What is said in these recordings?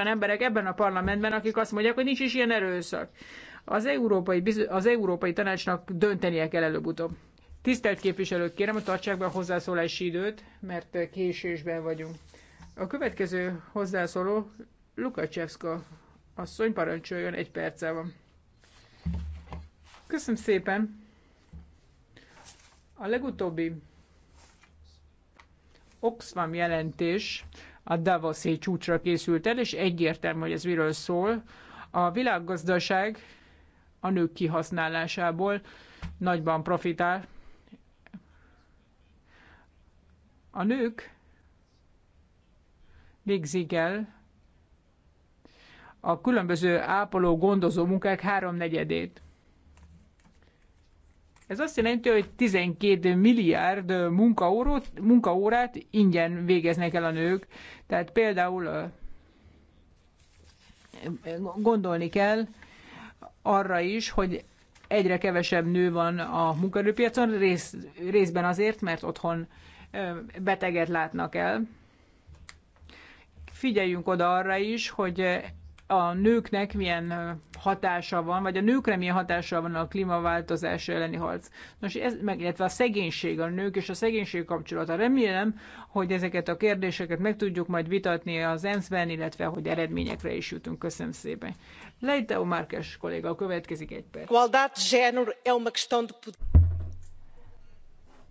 olyan emberek ebben a parlamentben, akik azt mondják, hogy nincs is ilyen erőszak. Az Európai, az Európai Tanácsnak döntenie kell előbb-utóbb. Tisztelt képviselők, kérem, hogy tartsák be a hozzászólási időt, mert késésben vagyunk. A következő hozzászóló Lukacsevska asszony parancsoljon, egy perce van. Köszönöm szépen! A legutóbbi Oxfam jelentés a Davoszi csúcsra készült el, és egyértelmű, hogy ez miről szól. A világgazdaság a nők kihasználásából nagyban profitál. A nők végzik el a különböző ápoló gondozó munkák háromnegyedét. Ez azt jelenti, hogy 12 milliárd munkaórót, munkaórát ingyen végeznek el a nők. Tehát például gondolni kell arra is, hogy egyre kevesebb nő van a munkaerőpiacon, rész, részben azért, mert otthon beteget látnak el. Figyeljünk oda arra is, hogy a nőknek milyen hatása van, vagy a nőkre milyen hatása van a klímaváltozás elleni harc. Nos, ez, meg, illetve a szegénység, a nők és a szegénység kapcsolata. Remélem, hogy ezeket a kérdéseket meg tudjuk majd vitatni az ENSZ-ben, illetve hogy eredményekre is jutunk. Köszönöm szépen. Leiteo Márkes kolléga, következik egy perc.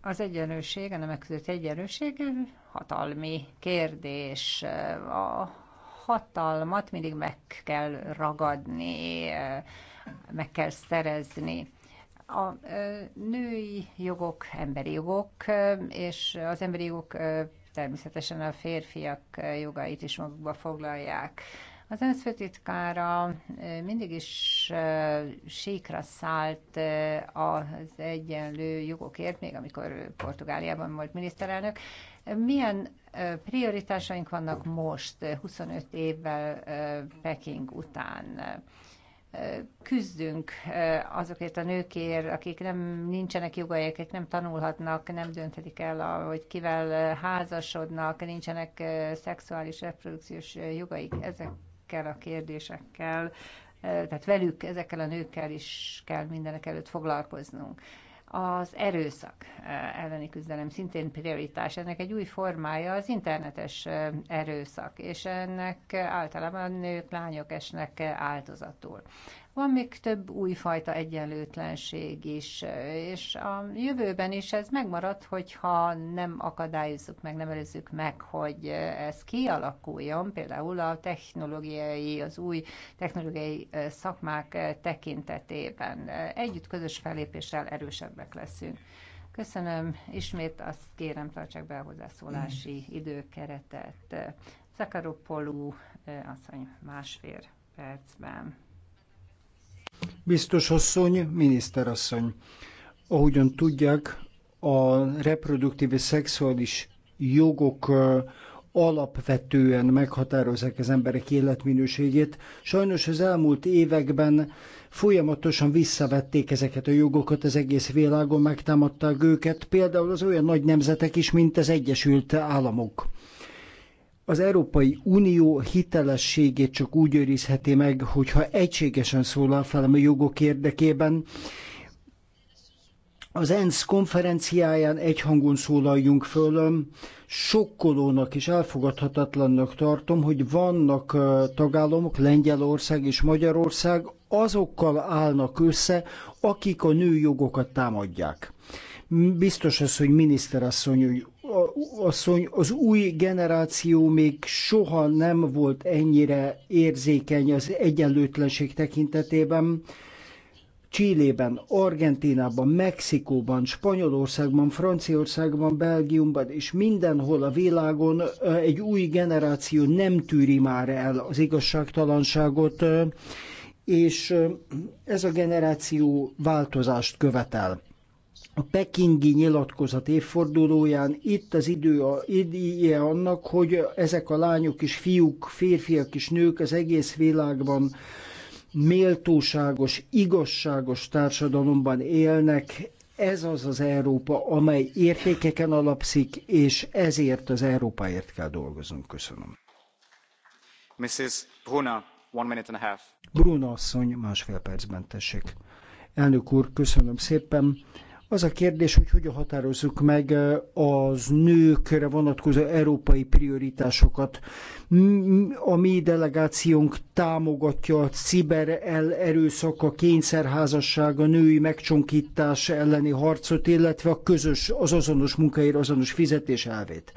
Az egyenlőség, a nemek között egyenlőség hatalmi kérdés. A hatalmat mindig meg kell ragadni, meg kell szerezni a női jogok, emberi jogok, és az emberi jogok természetesen a férfiak jogait is magukba foglalják. Az ENSZ főtitkára mindig is síkra szállt az egyenlő jogokért, még amikor Portugáliában volt miniszterelnök, milyen prioritásaink vannak most, 25 évvel Peking után? küzdünk azokért a nőkért, akik nem nincsenek jogaiak, akik nem tanulhatnak, nem dönthetik el, hogy kivel házasodnak, nincsenek szexuális reprodukciós jogaik ezekkel a kérdésekkel, tehát velük, ezekkel a nőkkel is kell mindenek előtt foglalkoznunk. Az erőszak elleni küzdelem szintén prioritás. Ennek egy új formája az internetes erőszak, és ennek általában nők, lányok esnek áldozatul. Van még több újfajta egyenlőtlenség is, és a jövőben is ez megmarad, hogyha nem akadályozzuk meg, nem előzzük meg, hogy ez kialakuljon, például a technológiai, az új technológiai szakmák tekintetében. Együtt közös felépéssel erősebbek leszünk. Köszönöm, ismét azt kérem, tartsák be a hozzászólási mm. időkeretet. Zakaropolú asszony másfél percben. Biztos asszony, miniszterasszony, ahogyan tudják, a reproduktív és szexuális jogok alapvetően meghatározzák az emberek életminőségét. Sajnos az elmúlt években folyamatosan visszavették ezeket a jogokat, az egész világon megtámadták őket, például az olyan nagy nemzetek is, mint az Egyesült Államok. Az Európai Unió hitelességét csak úgy őrizheti meg, hogyha egységesen szólal fel a jogok érdekében, az ENSZ konferenciáján egyhangon szólaljunk föl. Sokkolónak és elfogadhatatlannak tartom, hogy vannak tagállamok, Lengyelország és Magyarország, azokkal állnak össze, akik a nőjogokat támadják. Biztos az, hogy miniszterasszony asszony, az új generáció még soha nem volt ennyire érzékeny az egyenlőtlenség tekintetében. Csillében, Argentinában, Mexikóban, Spanyolországban, Franciaországban, Belgiumban és mindenhol a világon egy új generáció nem tűri már el az igazságtalanságot, és ez a generáció változást követel a pekingi nyilatkozat évfordulóján itt az idő a, ideje annak, hogy ezek a lányok és fiúk, férfiak és nők az egész világban méltóságos, igazságos társadalomban élnek. Ez az az Európa, amely értékeken alapszik, és ezért az Európáért kell dolgoznunk. Köszönöm. Mrs. Bruna, one minute and a half. Bruna asszony, másfél percben tessék. Elnök úr, köszönöm szépen az a kérdés, hogy hogyan határozzuk meg az nőkre vonatkozó európai prioritásokat. A mi delegációnk támogatja a ciber erőszak, a kényszerházasság, a női megcsonkítás elleni harcot, illetve a közös, az azonos munkáért azonos fizetés elvét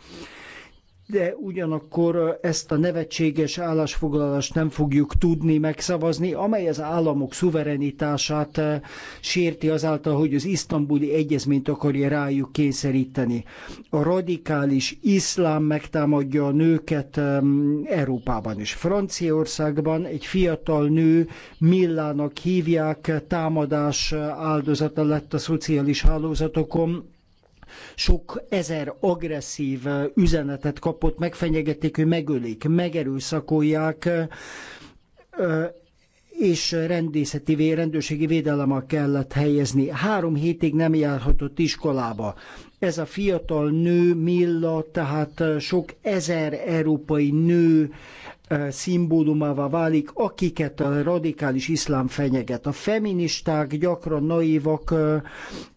de ugyanakkor ezt a nevetséges állásfoglalást nem fogjuk tudni megszavazni, amely az államok szuverenitását sérti azáltal, hogy az isztambuli egyezményt akarja rájuk kényszeríteni. A radikális iszlám megtámadja a nőket Európában is. Franciaországban egy fiatal nő Millának hívják, támadás áldozata lett a szociális hálózatokon, sok ezer agresszív eh, üzenetet kapott, megfenyegették, hogy megölik, megerőszakolják, eh, és rendészeti, rendőrségi védelemmel kellett helyezni. Három hétig nem járhatott iskolába. Ez a fiatal nő Milla, tehát eh, sok ezer európai nő szimbólumává válik, akiket a radikális iszlám fenyeget. A feministák gyakran naívak,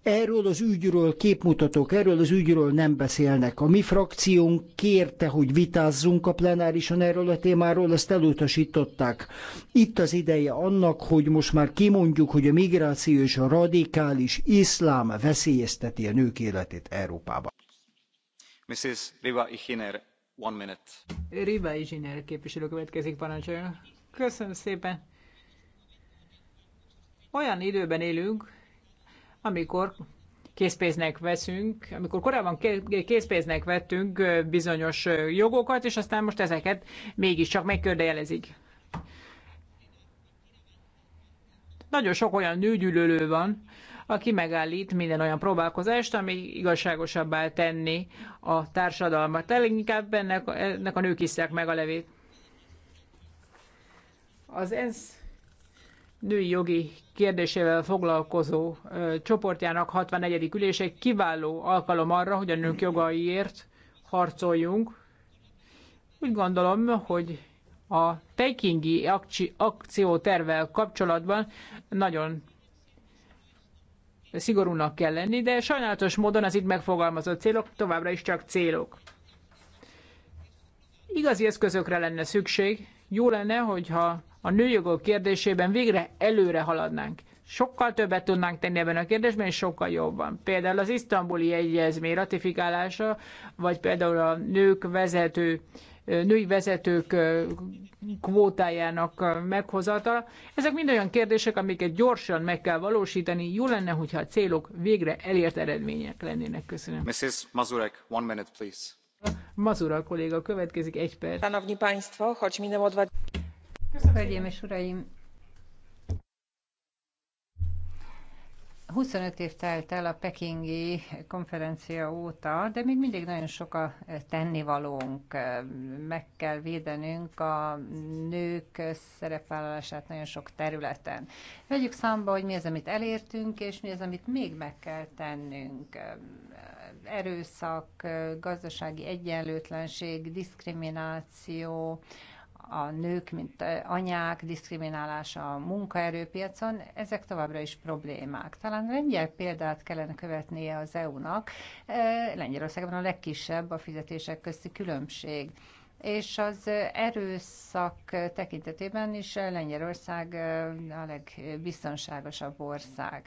erről az ügyről képmutatók, erről az ügyről nem beszélnek. A mi frakciónk kérte, hogy vitázzunk a plenárison erről a témáról, ezt elutasították. Itt az ideje annak, hogy most már kimondjuk, hogy a migráció és a radikális iszlám veszélyezteti a nők életét Európában. Mrs. Riva Ichiner One minute. Riva Izsiner képviselő következik, parancsolja. Köszönöm szépen. Olyan időben élünk, amikor készpénznek veszünk, amikor korábban készpénznek vettünk bizonyos jogokat, és aztán most ezeket mégiscsak megkördejelezik. Nagyon sok olyan nőgyűlölő van, aki megállít minden olyan próbálkozást, ami igazságosabbá tenni a társadalmat. Leginkább ennek, ennek a nők iszák meg a levét. Az ENSZ női jogi kérdésével foglalkozó ö, csoportjának 64. ülése kiváló alkalom arra, hogy a nők jogaiért harcoljunk. Úgy gondolom, hogy a pekingi akciótervel kapcsolatban nagyon szigorúnak kell lenni, de sajnálatos módon az itt megfogalmazott célok továbbra is csak célok. Igazi eszközökre lenne szükség, jó lenne, hogyha a nőjogok kérdésében végre előre haladnánk. Sokkal többet tudnánk tenni ebben a kérdésben, és sokkal jobban. Például az isztambuli egyezmény ratifikálása, vagy például a nők vezető női vezetők kvótájának meghozata. Ezek mind olyan kérdések, amiket gyorsan meg kell valósítani. Jó lenne, hogyha a célok végre elért eredmények lennének. Köszönöm. Mrs. Mazurek, one minute, please. Mazura kolléga következik egy perc. Köszönöm, Państwo, és uraim, 25 év telt el a pekingi konferencia óta, de még mindig nagyon sok a tennivalónk. Meg kell védenünk a nők szerepvállalását nagyon sok területen. Vegyük számba, hogy mi az, amit elértünk, és mi az, amit még meg kell tennünk. Erőszak, gazdasági egyenlőtlenség, diszkrimináció, a nők, mint anyák diszkriminálása a munkaerőpiacon, ezek továbbra is problémák. Talán lengyel példát kellene követnie az EU-nak. E, Lengyelországban a legkisebb a fizetések közti különbség és az erőszak tekintetében is Lengyelország e, a legbiztonságosabb ország.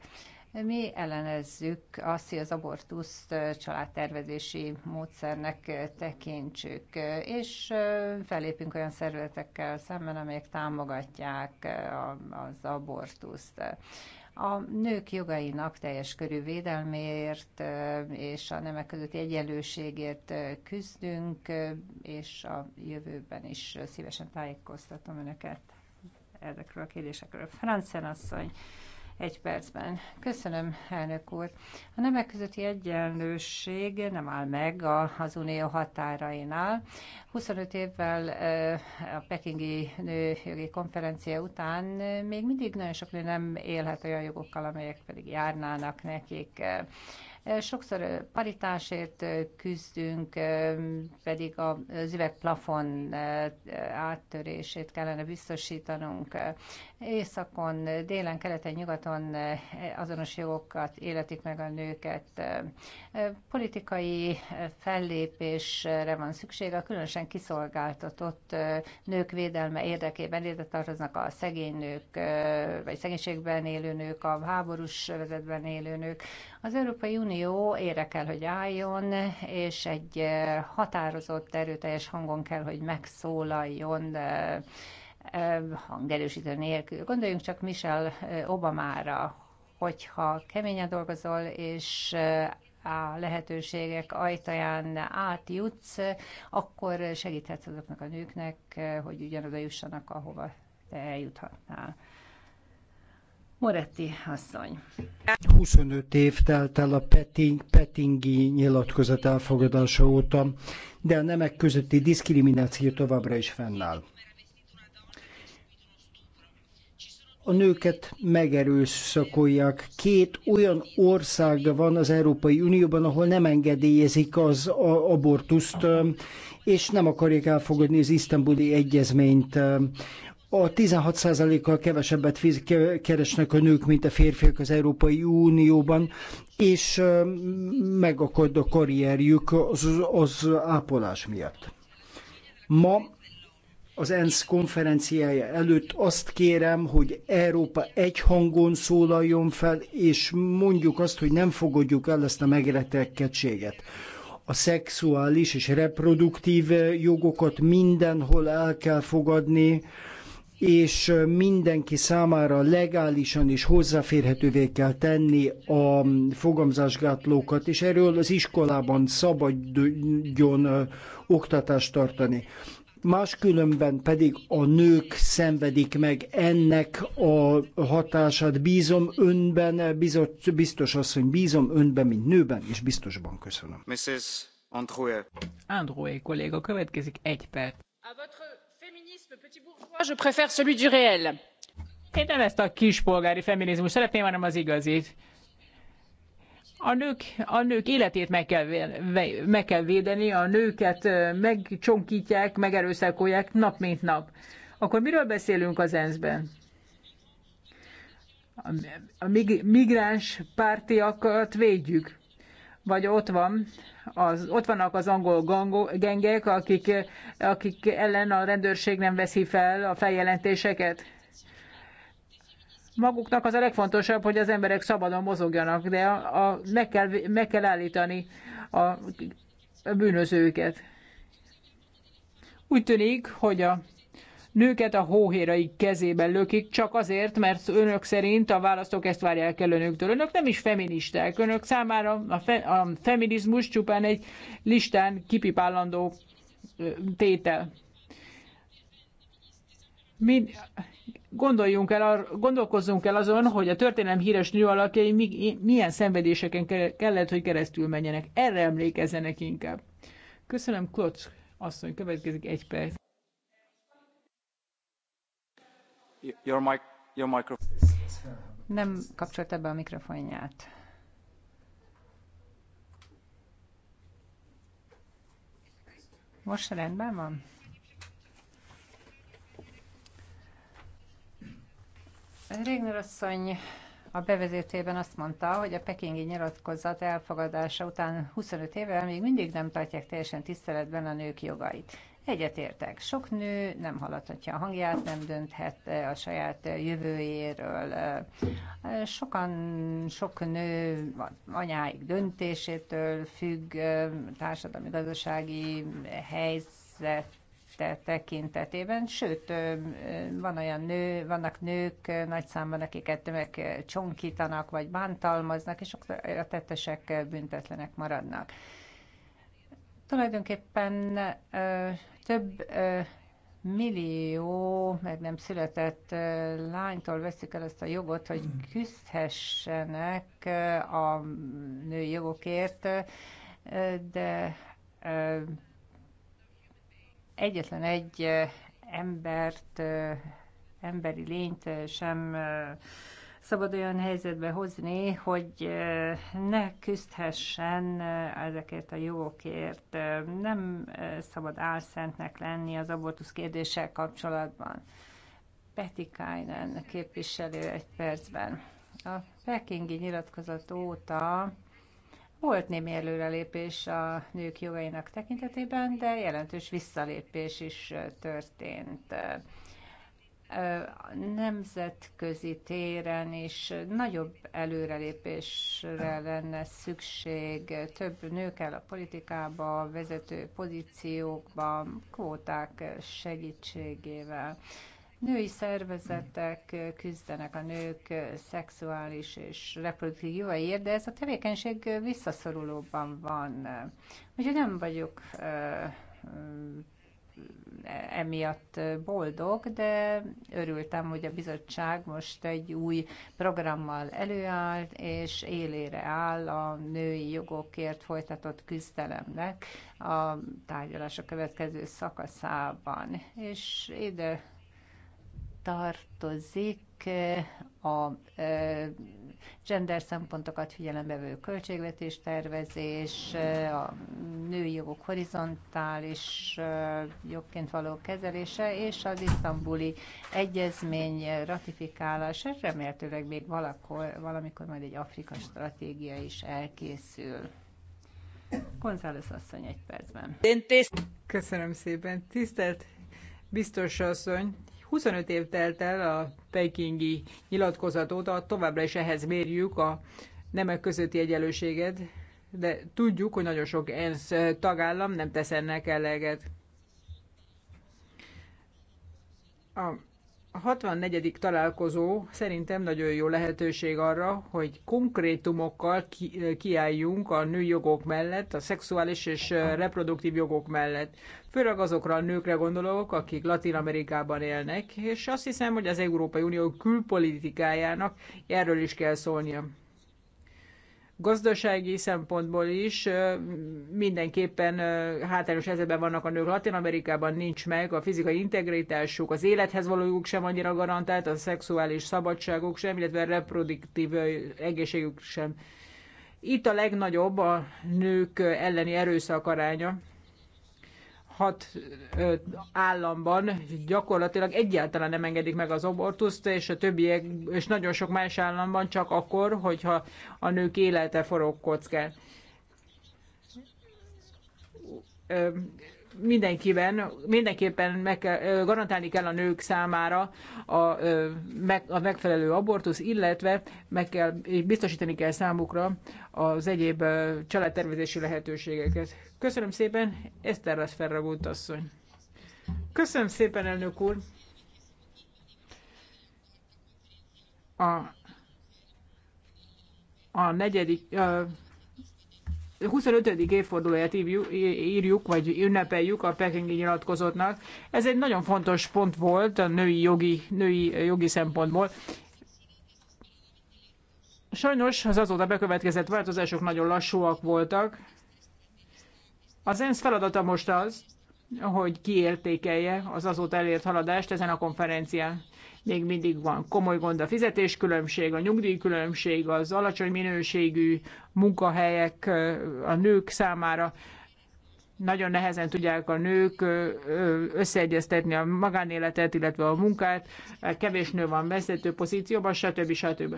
Mi ellenezzük azt, hogy az abortuszt családtervezési módszernek tekintsük, és felépünk olyan szervezetekkel szemben, amelyek támogatják az abortuszt a nők jogainak teljes körű védelméért és a nemek közötti egyenlőségért küzdünk, és a jövőben is szívesen tájékoztatom Önöket ezekről a kérdésekről. Francen asszony, egy percben. Köszönöm, elnök úr. A nemek közötti egyenlőség nem áll meg az unió határainál. 25 évvel a pekingi nőjogi konferencia után még mindig nagyon sok nő nem élhet olyan jogokkal, amelyek pedig járnának nekik. Sokszor paritásért küzdünk, pedig az üvegplafon áttörését kellene biztosítanunk északon, délen, keleten, nyugaton eh, azonos jogokat életik meg a nőket. Eh, politikai eh, fellépésre van szükség, a különösen kiszolgáltatott nők védelme érdekében ide tartoznak a szegény nők, vagy szegénységben élő nők, a háborús vezetben élő nők. Az Európai Unió ére kell, hogy álljon, és egy határozott, erőteljes hangon kell, hogy megszólaljon hangerősítő nélkül. Gondoljunk csak Michelle Obamára, hogyha keményen dolgozol, és a lehetőségek ajtaján átjutsz, akkor segíthetsz azoknak a nőknek, hogy ugyanoda jussanak, ahova te eljuthatnál. Moretti asszony. 25 év telt el a Peting, Petingi nyilatkozat elfogadása óta, de a nemek közötti diszkrimináció továbbra is fennáll. a nőket megerőszakolják. Két olyan ország van az Európai Unióban, ahol nem engedélyezik az abortuszt, és nem akarják elfogadni az isztambuli egyezményt. A 16%-kal kevesebbet keresnek a nők, mint a férfiak az Európai Unióban, és megakad a karrierjük az, az ápolás miatt. Ma az ENSZ konferenciája előtt azt kérem, hogy Európa egy hangon szólaljon fel, és mondjuk azt, hogy nem fogadjuk el ezt a megretekedtséget. A szexuális és reproduktív jogokat mindenhol el kell fogadni, és mindenki számára legálisan és hozzáférhetővé kell tenni a fogamzásgátlókat, és erről az iskolában szabadjon oktatást tartani máskülönben pedig a nők szenvedik meg ennek a hatását. Bízom önben, bizott, biztos asszony, bízom önben, mint nőben, és biztosban köszönöm. Mrs. Androué. Androué kolléga, következik egy perc. A votre féminisme petit bourgeois, je préfère celui du réel. Én nem ezt a kispolgári feminizmus szeretném, hanem az igazit a nők, a nők életét meg kell, meg kell védeni, a nőket megcsonkítják, megerőszakolják nap mint nap. Akkor miről beszélünk az ENSZ-ben? A migráns pártiakat védjük. Vagy ott, van, az, ott vannak az angol gangó, gengek, akik, akik ellen a rendőrség nem veszi fel a feljelentéseket maguknak az a legfontosabb, hogy az emberek szabadon mozogjanak, de a, a, meg, kell, meg kell állítani a, a bűnözőket. Úgy tűnik, hogy a nőket a hóhéraik kezében lökik, csak azért, mert önök szerint a választók ezt várják el önöktől. Önök nem is feministák, önök számára a, fe, a feminizmus csupán egy listán kipipálandó tétel mi gondoljunk el, gondolkozzunk el azon, hogy a történelem híres nő alakjai milyen szenvedéseken kellett, hogy keresztül menjenek. Erre emlékezzenek inkább. Köszönöm, Klotz asszony, következik egy perc. Your mic, your microphone. Nem kapcsolta be a mikrofonját. Most rendben van? Régner asszony a bevezetében azt mondta, hogy a pekingi nyilatkozat elfogadása után 25 évvel még mindig nem tartják teljesen tiszteletben a nők jogait. Egyetértek, sok nő nem hallathatja a hangját, nem dönthet eh, a saját eh, jövőjéről. Eh. Sokan, sok nő anyáik döntésétől függ, társadalmi-gazdasági helyzet te tekintetében, sőt, van olyan nő, vannak nők nagy számban, akiket meg csonkítanak, vagy bántalmaznak, és a tettesek büntetlenek maradnak. Tulajdonképpen több millió meg nem született lánytól veszik el azt a jogot, hogy küzdhessenek a női jogokért, de egyetlen egy embert, emberi lényt sem szabad olyan helyzetbe hozni, hogy ne küzdhessen ezekért a jogokért. Nem szabad álszentnek lenni az abortusz kérdéssel kapcsolatban. Peti Kájnen képviselő egy percben. A pekingi nyilatkozat óta volt némi előrelépés a nők jogainak tekintetében, de jelentős visszalépés is történt. Nemzetközi téren is nagyobb előrelépésre lenne szükség. Több nő kell a politikába, vezető pozíciókba, kvóták segítségével. Női szervezetek küzdenek a nők szexuális és reproduktív jogaiért, de ez a tevékenység visszaszorulóban van. Úgyhogy nem vagyok emiatt boldog, de örültem, hogy a bizottság most egy új programmal előáll, és élére áll a női jogokért folytatott küzdelemnek a a következő szakaszában. És ide tartozik a gender szempontokat figyelembe költségvetés tervezés, a női jogok horizontális jogként való kezelése és az isztambuli egyezmény ratifikálása. Remélhetőleg még valakor, valamikor majd egy Afrika stratégia is elkészül. González asszony egy percben. Köszönöm szépen. Tisztelt biztos asszony, 25 év telt el a pekingi nyilatkozat óta, továbbra is ehhez mérjük a nemek közötti egyenlőséget, de tudjuk, hogy nagyon sok ENSZ tagállam nem tesz ennek eleget. A a 64. találkozó szerintem nagyon jó lehetőség arra, hogy konkrétumokkal kiálljunk a női jogok mellett, a szexuális és reproduktív jogok mellett. Főleg azokra a nőkre gondolok, akik Latin Amerikában élnek, és azt hiszem, hogy az Európai Unió külpolitikájának erről is kell szólnia gazdasági szempontból is mindenképpen hátrányos helyzetben vannak a nők. Latin Amerikában nincs meg a fizikai integritásuk, az élethez valójuk sem annyira garantált, a szexuális szabadságuk sem, illetve a reproduktív egészségük sem. Itt a legnagyobb a nők elleni erőszak aránya hat ö, államban gyakorlatilag egyáltalán nem engedik meg az abortuszt, és a többiek, és nagyon sok más államban csak akkor, hogyha a nők élete forog kockán. Ö, mindenkiben, mindenképpen meg kell, garantálni kell a nők számára a, a megfelelő abortusz, illetve meg kell, biztosítani kell számukra az egyéb családtervezési lehetőségeket. Köszönöm szépen, Eszter lesz Ferragót asszony. Köszönöm szépen, elnök úr! A, a negyedik, a, 25. évfordulóját írjuk, vagy ünnepeljük a pekingi nyilatkozatnak. Ez egy nagyon fontos pont volt a női jogi, női jogi szempontból. Sajnos az azóta bekövetkezett változások nagyon lassúak voltak. Az ENSZ feladata most az, hogy kiértékelje az azóta elért haladást ezen a konferencián még mindig van komoly gond a fizetéskülönbség, a nyugdíjkülönbség, az alacsony minőségű munkahelyek a nők számára. Nagyon nehezen tudják a nők összeegyeztetni a magánéletet, illetve a munkát, kevés nő van vezető pozícióban, stb. stb.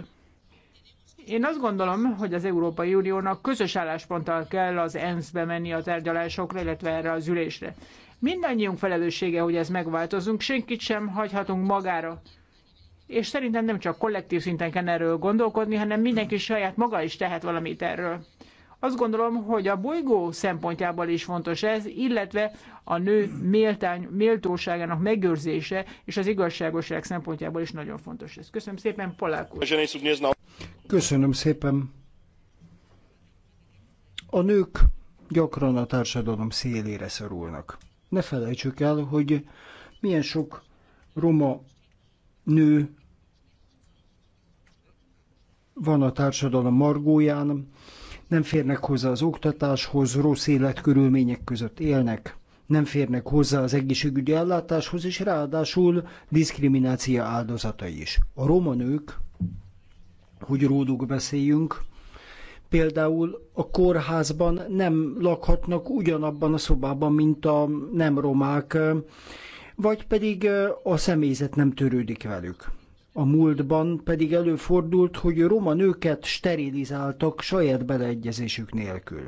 Én azt gondolom, hogy az Európai Uniónak közös állásponttal kell az ENSZ-be menni a tárgyalásokra, illetve erre az ülésre. Mindannyiunk felelőssége, hogy ez megváltozunk, senkit sem hagyhatunk magára és szerintem nem csak kollektív szinten kell erről gondolkodni, hanem mindenki saját maga is tehet valamit erről. Azt gondolom, hogy a bolygó szempontjából is fontos ez, illetve a nő méltány, méltóságának megőrzése és az igazságosság szempontjából is nagyon fontos ez. Köszönöm szépen, Polák úr. Köszönöm szépen. A nők gyakran a társadalom szélére szorulnak. Ne felejtsük el, hogy milyen sok roma nő van a társadalom margóján, nem férnek hozzá az oktatáshoz, rossz életkörülmények között élnek, nem férnek hozzá az egészségügyi ellátáshoz, és ráadásul diszkriminácia áldozatai is. A roma nők, hogy róluk beszéljünk, például a kórházban nem lakhatnak ugyanabban a szobában, mint a nem romák, vagy pedig a személyzet nem törődik velük. A múltban pedig előfordult, hogy roma nőket sterilizáltak saját beleegyezésük nélkül.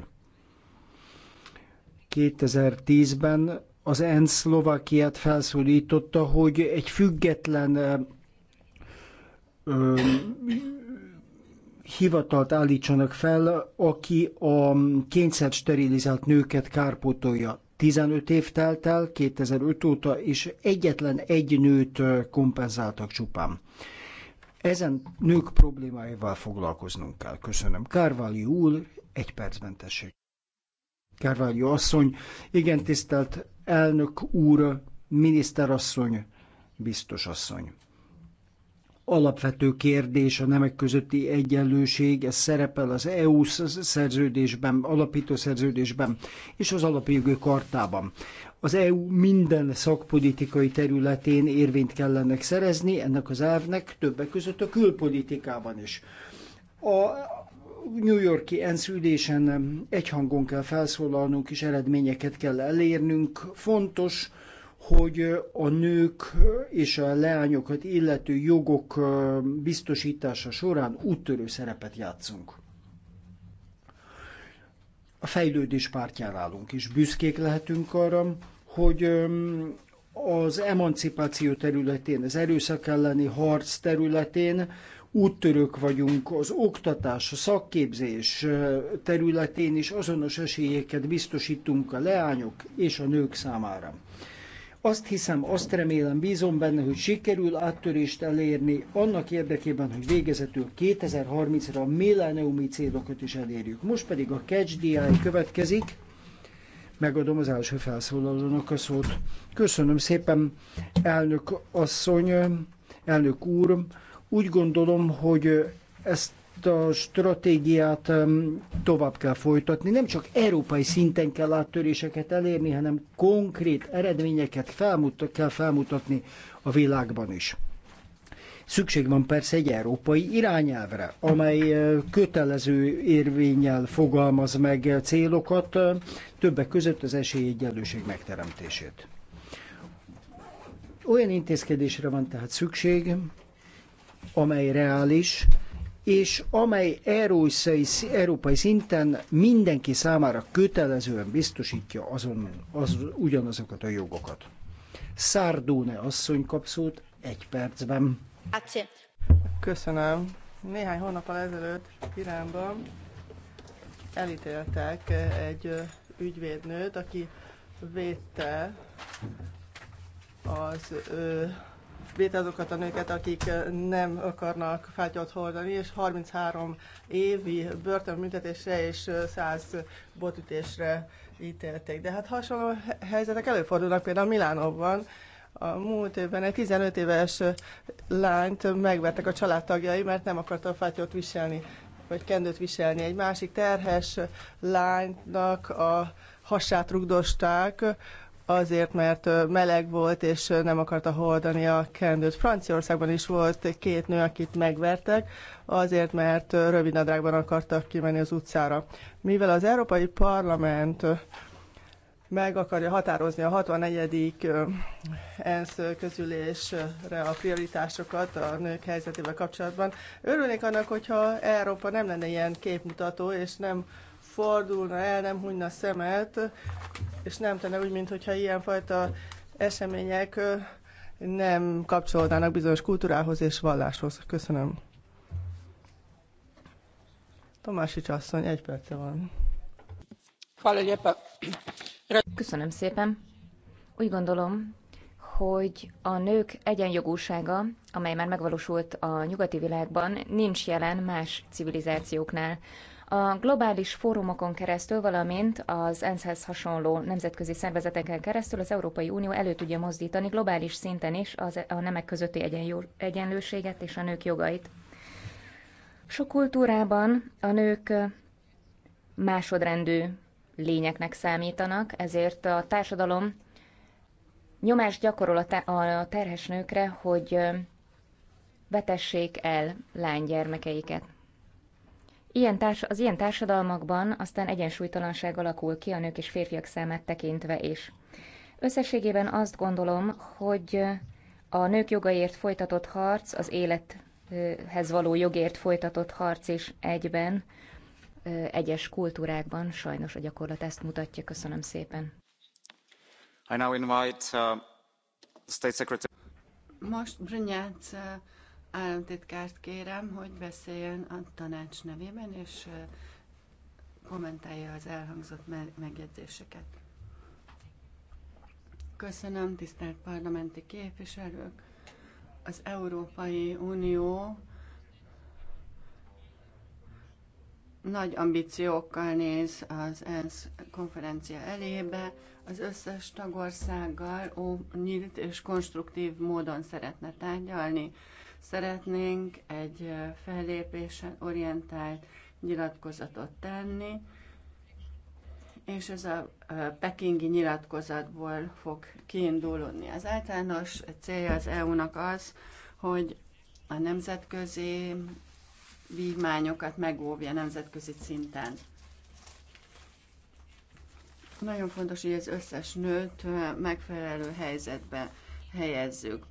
2010-ben az ENSZ Szlovákiát felszólította, hogy egy független ö, hivatalt állítsanak fel, aki a kényszer sterilizált nőket kárpótolja. 15 év telt el 2005 óta, és egyetlen egy nőt kompenzáltak csupán. Ezen nők problémáival foglalkoznunk kell. Köszönöm. Kárváli úr, egy percben tessék. Kárváli asszony, igen tisztelt elnök úr, miniszterasszony, biztos asszony alapvető kérdés a nemek közötti egyenlőség, ez szerepel az EU szerződésben, alapító szerződésben és az alapjogi kartában. Az EU minden szakpolitikai területén érvényt kellene szerezni ennek az elvnek, többek között a külpolitikában is. A New Yorki ENSZ ülésen egyhangon kell felszólalnunk és eredményeket kell elérnünk. Fontos, hogy a nők és a leányokat illető jogok biztosítása során úttörő szerepet játszunk. A fejlődés pártján állunk, és büszkék lehetünk arra, hogy az emancipáció területén, az erőszak elleni harc területén úttörők vagyunk az oktatás, a szakképzés területén is azonos esélyeket biztosítunk a leányok és a nők számára. Azt hiszem, azt remélem, bízom benne, hogy sikerül áttörést elérni annak érdekében, hogy végezetül 2030-ra a milleniumi célokat is elérjük. Most pedig a Catch DI következik. Megadom az első felszólalónak a szót. Köszönöm szépen, elnök asszony, elnök úr. Úgy gondolom, hogy ezt a stratégiát tovább kell folytatni. Nem csak európai szinten kell áttöréseket elérni, hanem konkrét eredményeket felmut- kell felmutatni a világban is. Szükség van persze egy európai irányelvre, amely kötelező érvényel fogalmaz meg célokat, többek között az esélyegyenlőség megteremtését. Olyan intézkedésre van tehát szükség, amely reális, és amely európai szinten mindenki számára kötelezően biztosítja azon, az, ugyanazokat a jogokat. Szárdóne asszony kap szót egy percben. Köszönöm. Néhány hónappal ezelőtt Iránban elítéltek egy ügyvédnőt, aki védte az ő azokat a nőket, akik eh, nem akarnak fátyot hordani, és 33 évi börtönbüntetésre és 100 eh, botütésre ítélték. De hát hasonló helyzetek előfordulnak például Milánóban, a múlt évben egy 15 éves eh, lányt megvertek a családtagjai, mert nem akarta a fátyot viselni, vagy kendőt viselni. Egy másik terhes lánynak a hasát rugdosták, azért, mert meleg volt, és nem akarta hordani a kendőt. Franciaországban is volt két nő, akit megvertek, azért, mert rövidnadrágban akartak kimenni az utcára. Mivel az Európai Parlament meg akarja határozni a 64. ENSZ közülésre a prioritásokat a nők helyzetével kapcsolatban. Örülnék annak, hogyha Európa nem lenne ilyen képmutató, és nem fordulna el, nem hunyna szemet, és nem tenne úgy, mintha ilyenfajta események nem kapcsolódnának bizonyos kultúrához és valláshoz. Köszönöm. Tomásics asszony, egy perce van. Köszönöm szépen. Úgy gondolom, hogy a nők egyenjogúsága, amely már megvalósult a nyugati világban, nincs jelen más civilizációknál. A globális fórumokon keresztül, valamint az ENSZ-hez hasonló nemzetközi szervezeteken keresztül az Európai Unió elő tudja mozdítani globális szinten is az, a nemek közötti egyenjó, egyenlőséget és a nők jogait. Sok kultúrában a nők másodrendű lényeknek számítanak, ezért a társadalom nyomást gyakorol a terhes nőkre, hogy vetessék el lánygyermekeiket. Ilyen társ, az ilyen társadalmakban aztán egyensúlytalanság alakul ki a nők és férfiak számát tekintve is. Összességében azt gondolom, hogy a nők jogaiért folytatott harc, az élethez való jogért folytatott harc is egyben, egyes kultúrákban sajnos a gyakorlat ezt mutatja. Köszönöm szépen. I now invite, uh, State Secretary... Most Brunyac uh államtitkárt kérem, hogy beszéljen a tanács nevében, és kommentálja az elhangzott megjegyzéseket. Köszönöm, tisztelt parlamenti képviselők! Az Európai Unió nagy ambíciókkal néz az ENSZ konferencia elébe, az összes tagországgal ó, nyílt és konstruktív módon szeretne tárgyalni. Szeretnénk egy fellépésen orientált nyilatkozatot tenni, és ez a pekingi nyilatkozatból fog kiindulni. Az általános célja az EU-nak az, hogy a nemzetközi vívmányokat megóvja nemzetközi szinten. Nagyon fontos, hogy az összes nőt megfelelő helyzetbe helyezzük.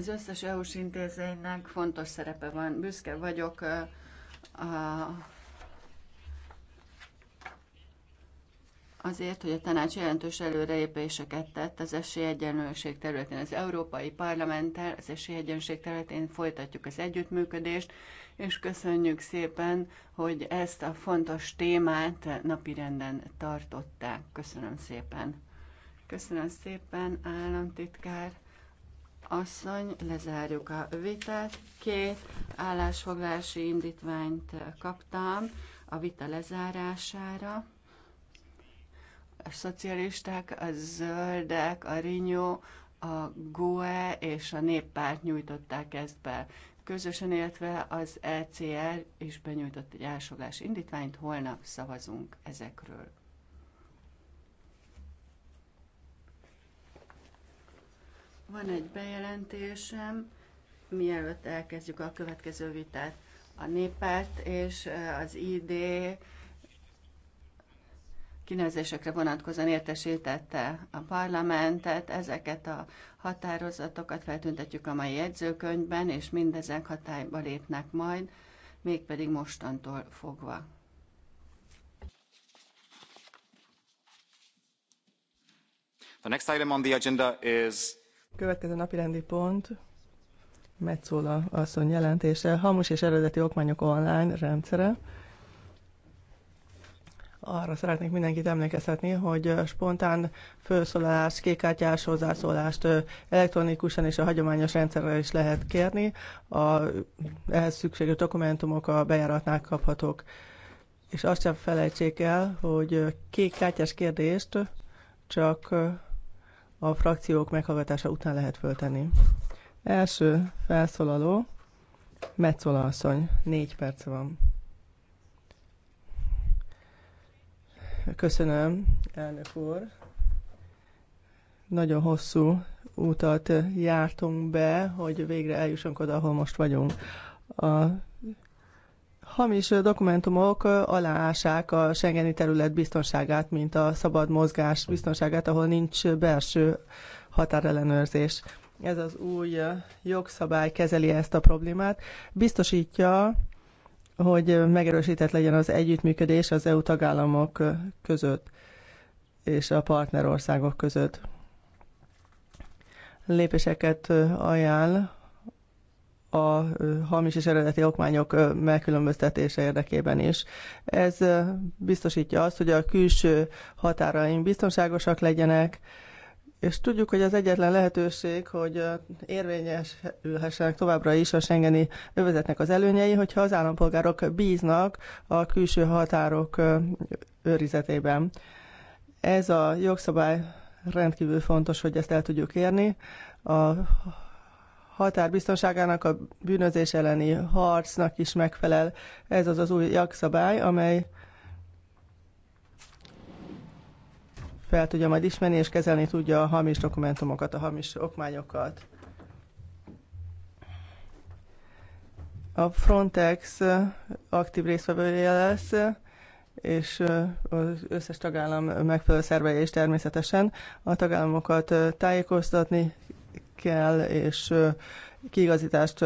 Az összes EU-s intézménynek fontos szerepe van. Büszke vagyok a azért, hogy a tanács jelentős előrelépéseket tett az esélyegyenlőség területén. Az Európai Parlamenttel az esélyegyenlőség területén folytatjuk az együttműködést, és köszönjük szépen, hogy ezt a fontos témát napirenden tartották. Köszönöm szépen. Köszönöm szépen, államtitkár asszony, lezárjuk a vitát. Két állásfoglási indítványt kaptam a vita lezárására. A szocialisták, a zöldek, a rinyó, a GUE és a néppárt nyújtották ezt be. Közösen illetve az ECR is benyújtott egy állásfoglási indítványt, holnap szavazunk ezekről. Van egy bejelentésem, mielőtt elkezdjük a következő vitát. A néppárt és az ID kinevezésekre vonatkozóan értesítette a parlamentet. Ezeket a határozatokat feltüntetjük a mai jegyzőkönyvben, és mindezek hatályba lépnek majd, mégpedig mostantól fogva. The next item on the agenda is Következő napi rendi pont Metzola asszony jelentése, hamus és eredeti okmányok online rendszere. Arra szeretnék mindenkit emlékeztetni, hogy spontán felszólalás, kékkártyás hozzászólást elektronikusan és a hagyományos rendszerrel is lehet kérni. A, ehhez szükséges dokumentumok a bejáratnál kaphatók. És azt sem felejtsék el, hogy kékkártyás kérdést csak a frakciók meghallgatása után lehet föltenni. Első felszólaló, Metzola asszony, négy perc van. Köszönöm, elnök úr. Nagyon hosszú utat jártunk be, hogy végre eljussunk oda, ahol most vagyunk. A hamis dokumentumok aláássák a Schengeni terület biztonságát, mint a szabad mozgás biztonságát, ahol nincs belső határellenőrzés. Ez az új jogszabály kezeli ezt a problémát. Biztosítja, hogy megerősített legyen az együttműködés az EU tagállamok között és a partnerországok között. Lépéseket ajánl a hamis és eredeti okmányok megkülönböztetése érdekében is. Ez biztosítja azt, hogy a külső határaink biztonságosak legyenek, és tudjuk, hogy az egyetlen lehetőség, hogy érvényesülhessenek továbbra is a Schengeni övezetnek az előnyei, hogyha az állampolgárok bíznak a külső határok őrizetében. Ez a jogszabály rendkívül fontos, hogy ezt el tudjuk érni. A határ biztonságának, a bűnözés elleni harcnak is megfelel. Ez az az új jogszabály, amely fel tudja majd ismerni és kezelni tudja a hamis dokumentumokat, a hamis okmányokat. A Frontex aktív résztvevője lesz, és az összes tagállam megfelelő szervei is természetesen a tagállamokat tájékoztatni kell, és kiigazítást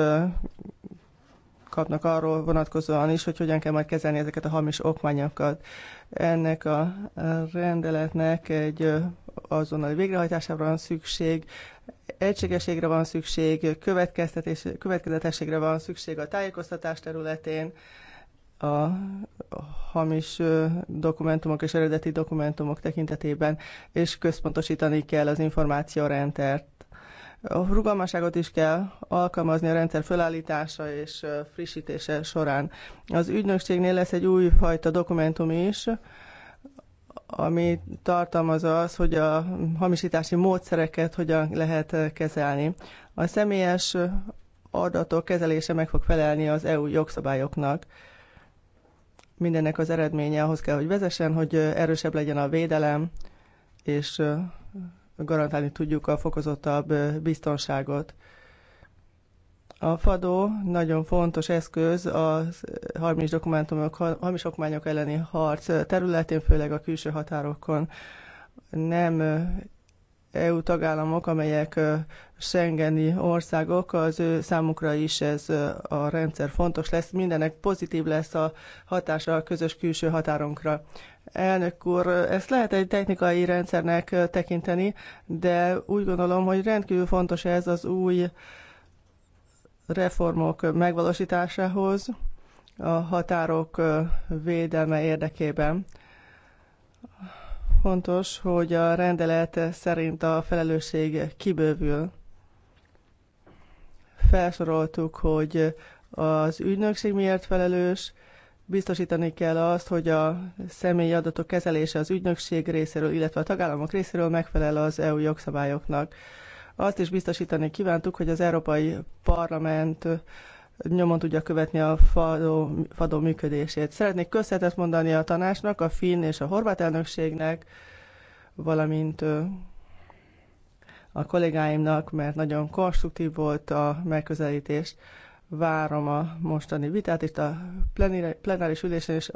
kapnak arról vonatkozóan is, hogy hogyan kell majd kezelni ezeket a hamis okmányokat. Ennek a rendeletnek egy azonnali végrehajtására van szükség, egységességre van szükség, következtetés, következetességre van szükség a tájékoztatás területén, a hamis dokumentumok és eredeti dokumentumok tekintetében, és központosítani kell az információrendszert a rugalmasságot is kell alkalmazni a rendszer felállítása és frissítése során. Az ügynökségnél lesz egy újfajta dokumentum is, ami tartalmazza az, hogy a hamisítási módszereket hogyan lehet kezelni. A személyes adatok kezelése meg fog felelni az EU jogszabályoknak. Mindennek az eredménye ahhoz kell, hogy vezessen, hogy erősebb legyen a védelem, és garantálni tudjuk a fokozottabb biztonságot. A FADO nagyon fontos eszköz a hamis dokumentumok, hamis okmányok elleni harc területén, főleg a külső határokon. Nem EU tagállamok, amelyek Schengeni országok, az ő számukra is ez a rendszer fontos lesz. Mindenek pozitív lesz a hatása a közös külső határunkra. Elnök úr, ezt lehet egy technikai rendszernek tekinteni, de úgy gondolom, hogy rendkívül fontos ez az új reformok megvalósításához a határok védelme érdekében. Fontos, hogy a rendelet szerint a felelősség kibővül. Felsoroltuk, hogy az ügynökség miért felelős, biztosítani kell azt, hogy a személyi adatok kezelése az ügynökség részéről, illetve a tagállamok részéről megfelel az EU jogszabályoknak. Azt is biztosítani kívántuk, hogy az Európai Parlament nyomon tudja követni a FADO, FADO működését. Szeretnék köszönetet mondani a tanácsnak, a finn és a horvát elnökségnek, valamint a kollégáimnak, mert nagyon konstruktív volt a megközelítés várom a mostani vitát itt a plenáris ülésen, és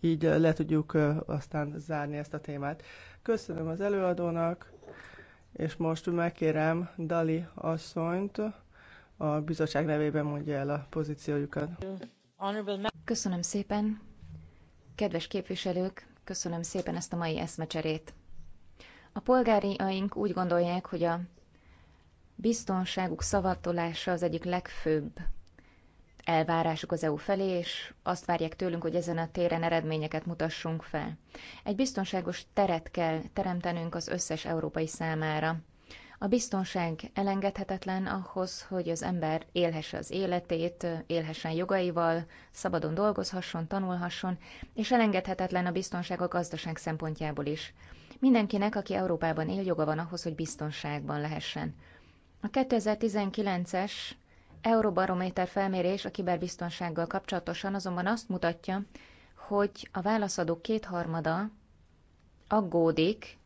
így le tudjuk aztán zárni ezt a témát. Köszönöm az előadónak, és most megkérem Dali asszonyt, a bizottság nevében mondja el a pozíciójukat. Köszönöm szépen. Kedves képviselők, köszönöm szépen ezt a mai eszmecserét. A polgáriaink úgy gondolják, hogy a biztonságuk szavatolása az egyik legfőbb elvárásuk az EU felé, és azt várják tőlünk, hogy ezen a téren eredményeket mutassunk fel. Egy biztonságos teret kell teremtenünk az összes európai számára. A biztonság elengedhetetlen ahhoz, hogy az ember élhesse az életét, élhessen jogaival, szabadon dolgozhasson, tanulhasson, és elengedhetetlen a biztonság a gazdaság szempontjából is. Mindenkinek, aki Európában él, joga van ahhoz, hogy biztonságban lehessen. A 2019-es Euróbarométer felmérés a kiberbiztonsággal kapcsolatosan azonban azt mutatja, hogy a válaszadók kétharmada aggódik,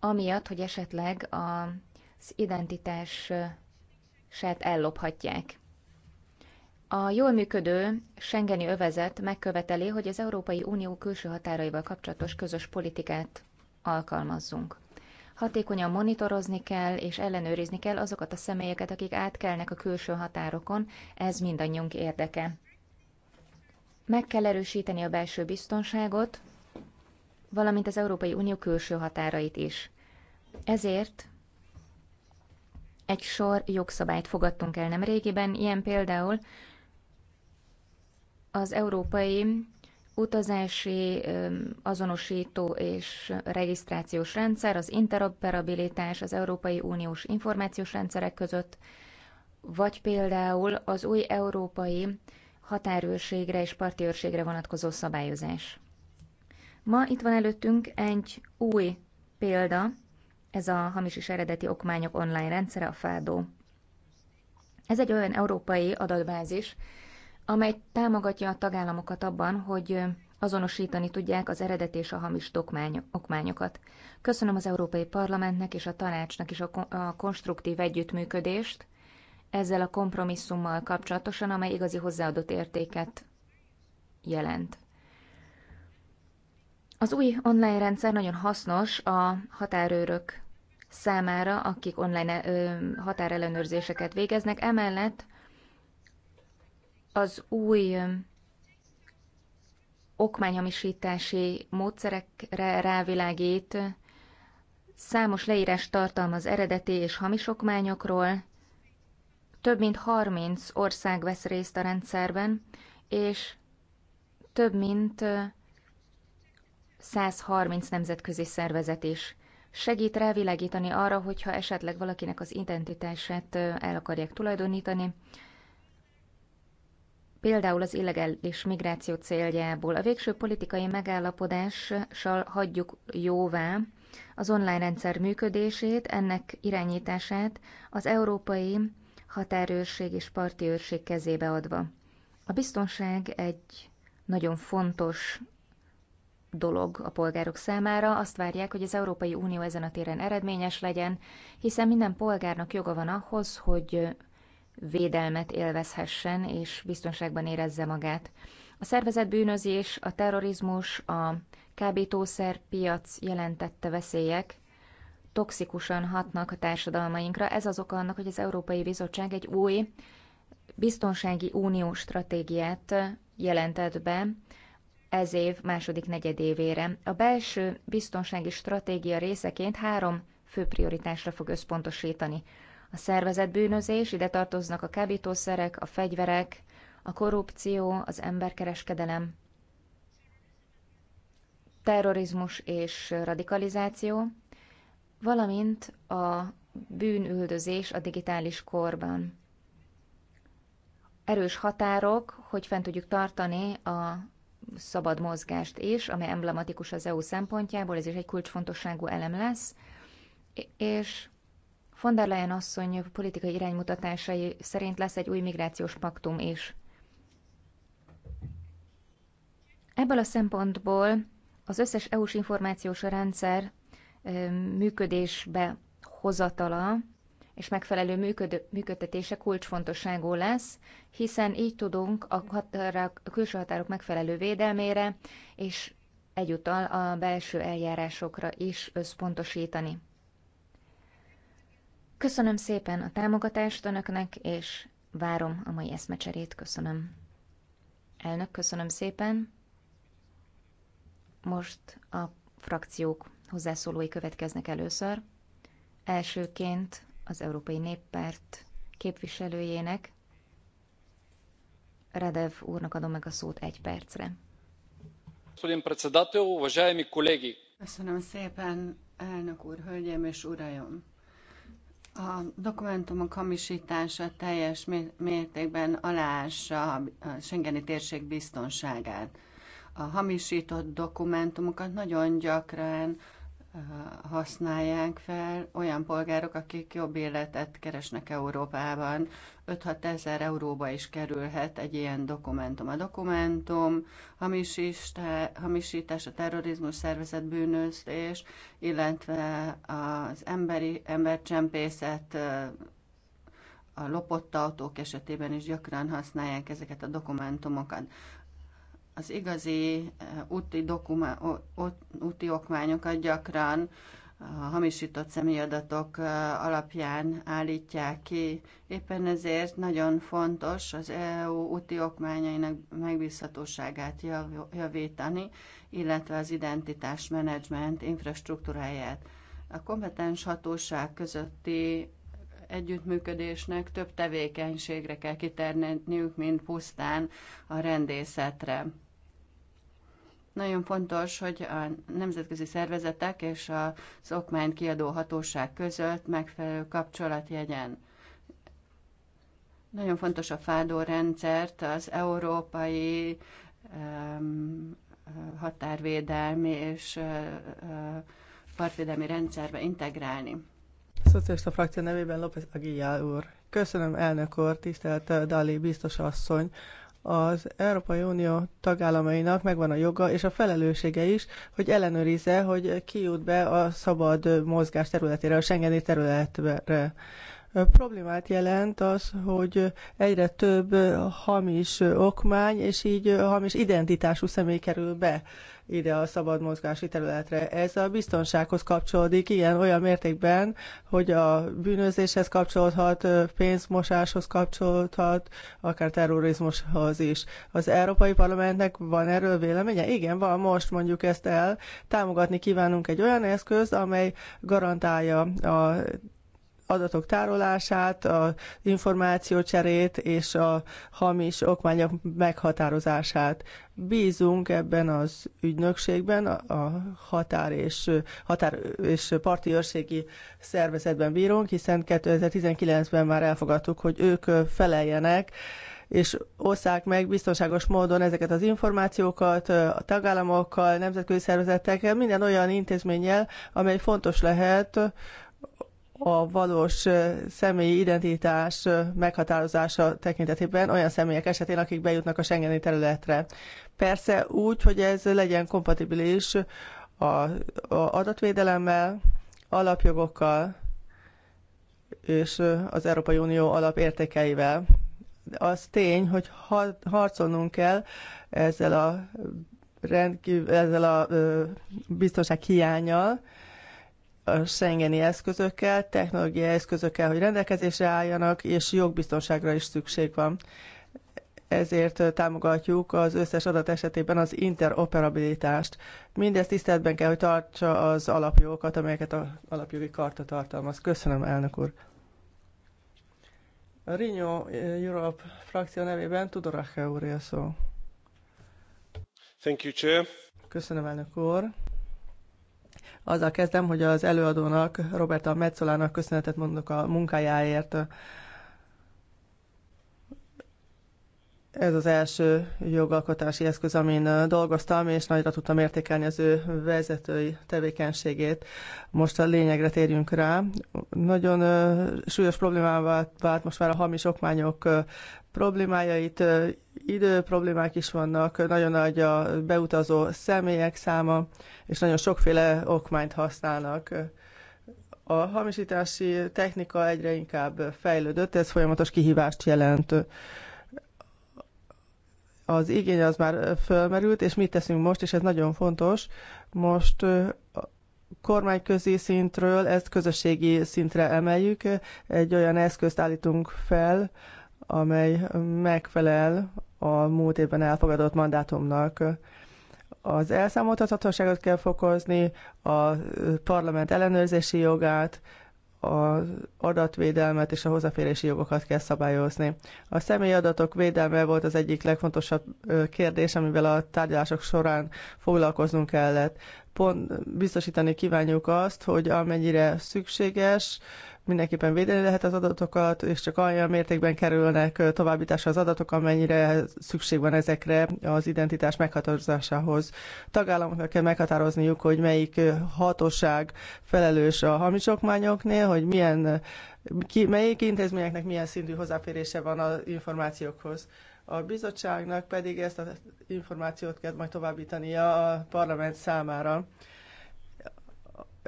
amiatt, hogy esetleg az identitását ellophatják. A jól működő Schengeni övezet megköveteli, hogy az Európai Unió külső határaival kapcsolatos közös politikát alkalmazzunk hatékonyan monitorozni kell és ellenőrizni kell azokat a személyeket, akik átkelnek a külső határokon, ez mindannyiunk érdeke. Meg kell erősíteni a belső biztonságot, valamint az Európai Unió külső határait is. Ezért egy sor jogszabályt fogadtunk el nem régiben, ilyen például az Európai utazási azonosító és regisztrációs rendszer, az interoperabilitás az Európai Uniós információs rendszerek között, vagy például az új európai határőrségre és parti őrségre vonatkozó szabályozás. Ma itt van előttünk egy új példa, ez a hamis és eredeti okmányok online rendszere, a FADO. Ez egy olyan európai adatbázis, amely támogatja a tagállamokat abban, hogy azonosítani tudják az eredet és a hamis dokmány, okmányokat. Köszönöm az Európai Parlamentnek és a tanácsnak is a, a konstruktív együttműködést ezzel a kompromisszummal kapcsolatosan, amely igazi hozzáadott értéket jelent. Az új online rendszer nagyon hasznos a határőrök számára, akik online határellenőrzéseket végeznek, emellett az új okmányhamisítási módszerekre rávilágít, számos leírás tartalmaz eredeti és hamis okmányokról, több mint 30 ország vesz részt a rendszerben, és több mint 130 nemzetközi szervezet is. Segít rávilágítani arra, hogyha esetleg valakinek az identitását el akarják tulajdonítani, például az illegális migráció céljából. A végső politikai megállapodással hagyjuk jóvá az online rendszer működését, ennek irányítását az európai határőrség és parti őrség kezébe adva. A biztonság egy nagyon fontos dolog a polgárok számára. Azt várják, hogy az Európai Unió ezen a téren eredményes legyen, hiszen minden polgárnak joga van ahhoz, hogy védelmet élvezhessen és biztonságban érezze magát. A szervezetbűnözés, a terrorizmus, a kábítószerpiac jelentette veszélyek toxikusan hatnak a társadalmainkra. Ez az oka annak, hogy az Európai Bizottság egy új biztonsági unió stratégiát jelentett be ez év második negyedévére. A belső biztonsági stratégia részeként három fő prioritásra fog összpontosítani a szervezett bűnözés, ide tartoznak a kábítószerek, a fegyverek, a korrupció, az emberkereskedelem, terrorizmus és radikalizáció, valamint a bűnüldözés a digitális korban. Erős határok, hogy fent tudjuk tartani a szabad mozgást is, amely emblematikus az EU szempontjából, ez is egy kulcsfontosságú elem lesz, és Von der Leyen asszony politikai iránymutatásai szerint lesz egy új migrációs paktum is. Ebből a szempontból az összes EU-s információs rendszer működésbe hozatala és megfelelő működtetése kulcsfontosságú lesz, hiszen így tudunk a, határok, a külső határok megfelelő védelmére és egyúttal a belső eljárásokra is összpontosítani. Köszönöm szépen a támogatást önöknek, és várom a mai eszmecserét. Köszönöm. Elnök, köszönöm szépen. Most a frakciók hozzászólói következnek először. Elsőként az Európai Néppárt képviselőjének, redev úrnak adom meg a szót egy percre. Köszönöm szépen, elnök úr, hölgyeim és uraim! A dokumentumok hamisítása teljes mértékben aláássa a Schengeni térség biztonságát. A hamisított dokumentumokat nagyon gyakran használják fel olyan polgárok, akik jobb életet keresnek Európában. 5-6 ezer euróba is kerülhet egy ilyen dokumentum. A dokumentum hamisítás, a terrorizmus szervezet bűnözés, illetve az emberi, embercsempészet a lopott autók esetében is gyakran használják ezeket a dokumentumokat az igazi eh, úti, dokuma, úti okmányokat gyakran a hamisított személyadatok eh, alapján állítják ki. Éppen ezért nagyon fontos az EU úti okmányainak megbízhatóságát javítani, illetve az identitás menedzsment infrastruktúráját. A kompetens hatóság közötti együttműködésnek több tevékenységre kell kiterjedniük, mint pusztán a rendészetre. Nagyon fontos, hogy a nemzetközi szervezetek és az szokmányt kiadó hatóság között megfelelő kapcsolat jegyen. Nagyon fontos a fádó rendszert az európai um, határvédelmi és uh, partvédelmi rendszerbe integrálni. Szocialista frakció nevében López Aguilar úr. Köszönöm, elnök úr, tisztelt uh, Dali biztos asszony az Európai Unió tagállamainak megvan a joga és a felelőssége is, hogy ellenőrizze, hogy ki jut be a szabad uh, mozgás területére, a Schengeni területre problémát jelent az, hogy egyre több hamis okmány, és így hamis identitású személy kerül be ide a szabad mozgási területre. Ez a biztonsághoz kapcsolódik ilyen olyan mértékben, hogy a bűnözéshez kapcsolódhat, pénzmosáshoz kapcsolódhat, akár terrorizmushoz is. Az Európai Parlamentnek van erről véleménye? Igen, van, most mondjuk ezt el. Támogatni kívánunk egy olyan eszköz, amely garantálja a adatok tárolását, a információcserét és a hamis okmányok meghatározását. Bízunk ebben az ügynökségben, a határ és, határ és parti őrségi szervezetben bírunk, hiszen 2019-ben már elfogadtuk, hogy ők feleljenek és osszák meg biztonságos módon ezeket az információkat a tagállamokkal, nemzetközi szervezetekkel, minden olyan intézménnyel, amely fontos lehet a valós személyi identitás meghatározása tekintetében olyan személyek esetén, akik bejutnak a Schengeni területre. Persze úgy, hogy ez legyen kompatibilis a, a adatvédelemmel, alapjogokkal és az Európai Unió alapértékeivel. Az tény, hogy harcolnunk kell ezzel a rendkív- ezzel a biztonság hiányal a Schengeni eszközökkel, technológiai eszközökkel, hogy rendelkezésre álljanak, és jogbiztonságra is szükség van. Ezért támogatjuk az összes adat esetében az interoperabilitást. Mindezt tiszteletben kell, hogy tartsa az alapjogokat, amelyeket az alapjogi karta tartalmaz. Köszönöm, elnök úr. A Rinyó Europe frakció nevében Tudorache úr szó. Thank you, Chair. Köszönöm, elnök úr. Azzal kezdem, hogy az előadónak, Roberta Metzolának köszönetet mondok a munkájáért. ez az első jogalkotási eszköz, amin dolgoztam, és nagyra tudtam értékelni az ő vezetői tevékenységét. Most a lényegre térjünk rá. Nagyon súlyos problémával vált most már a hamis okmányok problémájait, idő problémák is vannak, nagyon nagy a beutazó személyek száma, és nagyon sokféle okmányt használnak. A hamisítási technika egyre inkább fejlődött, ez folyamatos kihívást jelent az igény az már fölmerült, és mit teszünk most, és ez nagyon fontos. Most kormányközi szintről ezt közösségi szintre emeljük, egy olyan eszközt állítunk fel, amely megfelel a múlt évben elfogadott mandátumnak. Az elszámoltathatóságot kell fokozni, a parlament ellenőrzési jogát, az adatvédelmet és a hozzáférési jogokat kell szabályozni. A személyi adatok védelme volt az egyik legfontosabb kérdés, amivel a tárgyalások során foglalkoznunk kellett. Pont biztosítani kívánjuk azt, hogy amennyire szükséges, mindenképpen védeni lehet az adatokat, és csak olyan mértékben kerülnek továbbításra az adatok, amennyire szükség van ezekre az identitás meghatározásához. Tagállamoknak kell meghatározniuk, hogy melyik hatóság felelős a hamisokmányoknél, hogy milyen, ki, melyik intézményeknek milyen szintű hozzáférése van az információkhoz. A bizottságnak pedig ezt az információt kell majd továbbítania a parlament számára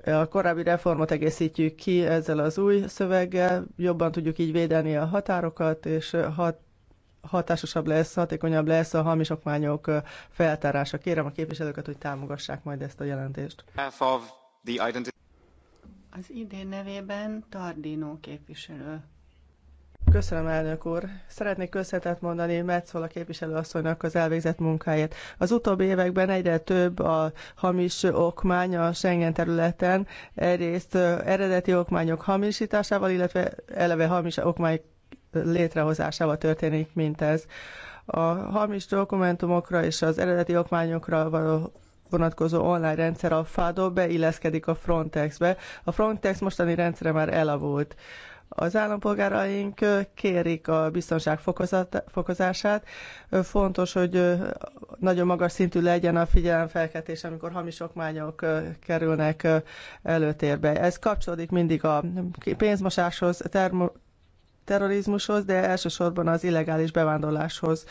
a korábbi reformot egészítjük ki ezzel az új szöveggel, jobban tudjuk így védeni a határokat, és hat, hatásosabb lesz, hatékonyabb lesz a hamis okmányok feltárása. Kérem a képviselőket, hogy támogassák majd ezt a jelentést. Az idén nevében Tardino képviselő Köszönöm, elnök úr. Szeretnék köszönetet mondani Metzola képviselőasszonynak az elvégzett munkáját. Az utóbbi években egyre több a hamis okmány a Schengen területen, egyrészt eredeti okmányok hamisításával, illetve eleve hamis okmány létrehozásával történik, mint ez. A hamis dokumentumokra és az eredeti okmányokra való vonatkozó online rendszer a FADO beilleszkedik a Frontexbe. A Frontex mostani rendszere már elavult. Az állampolgáraink kérik a biztonság fokozását. Fontos, hogy nagyon magas szintű legyen a figyelemfelkeltés, amikor hamis okmányok kerülnek előtérbe. Ez kapcsolódik mindig a pénzmosáshoz, termo- terrorizmushoz, de elsősorban az illegális bevándorláshoz.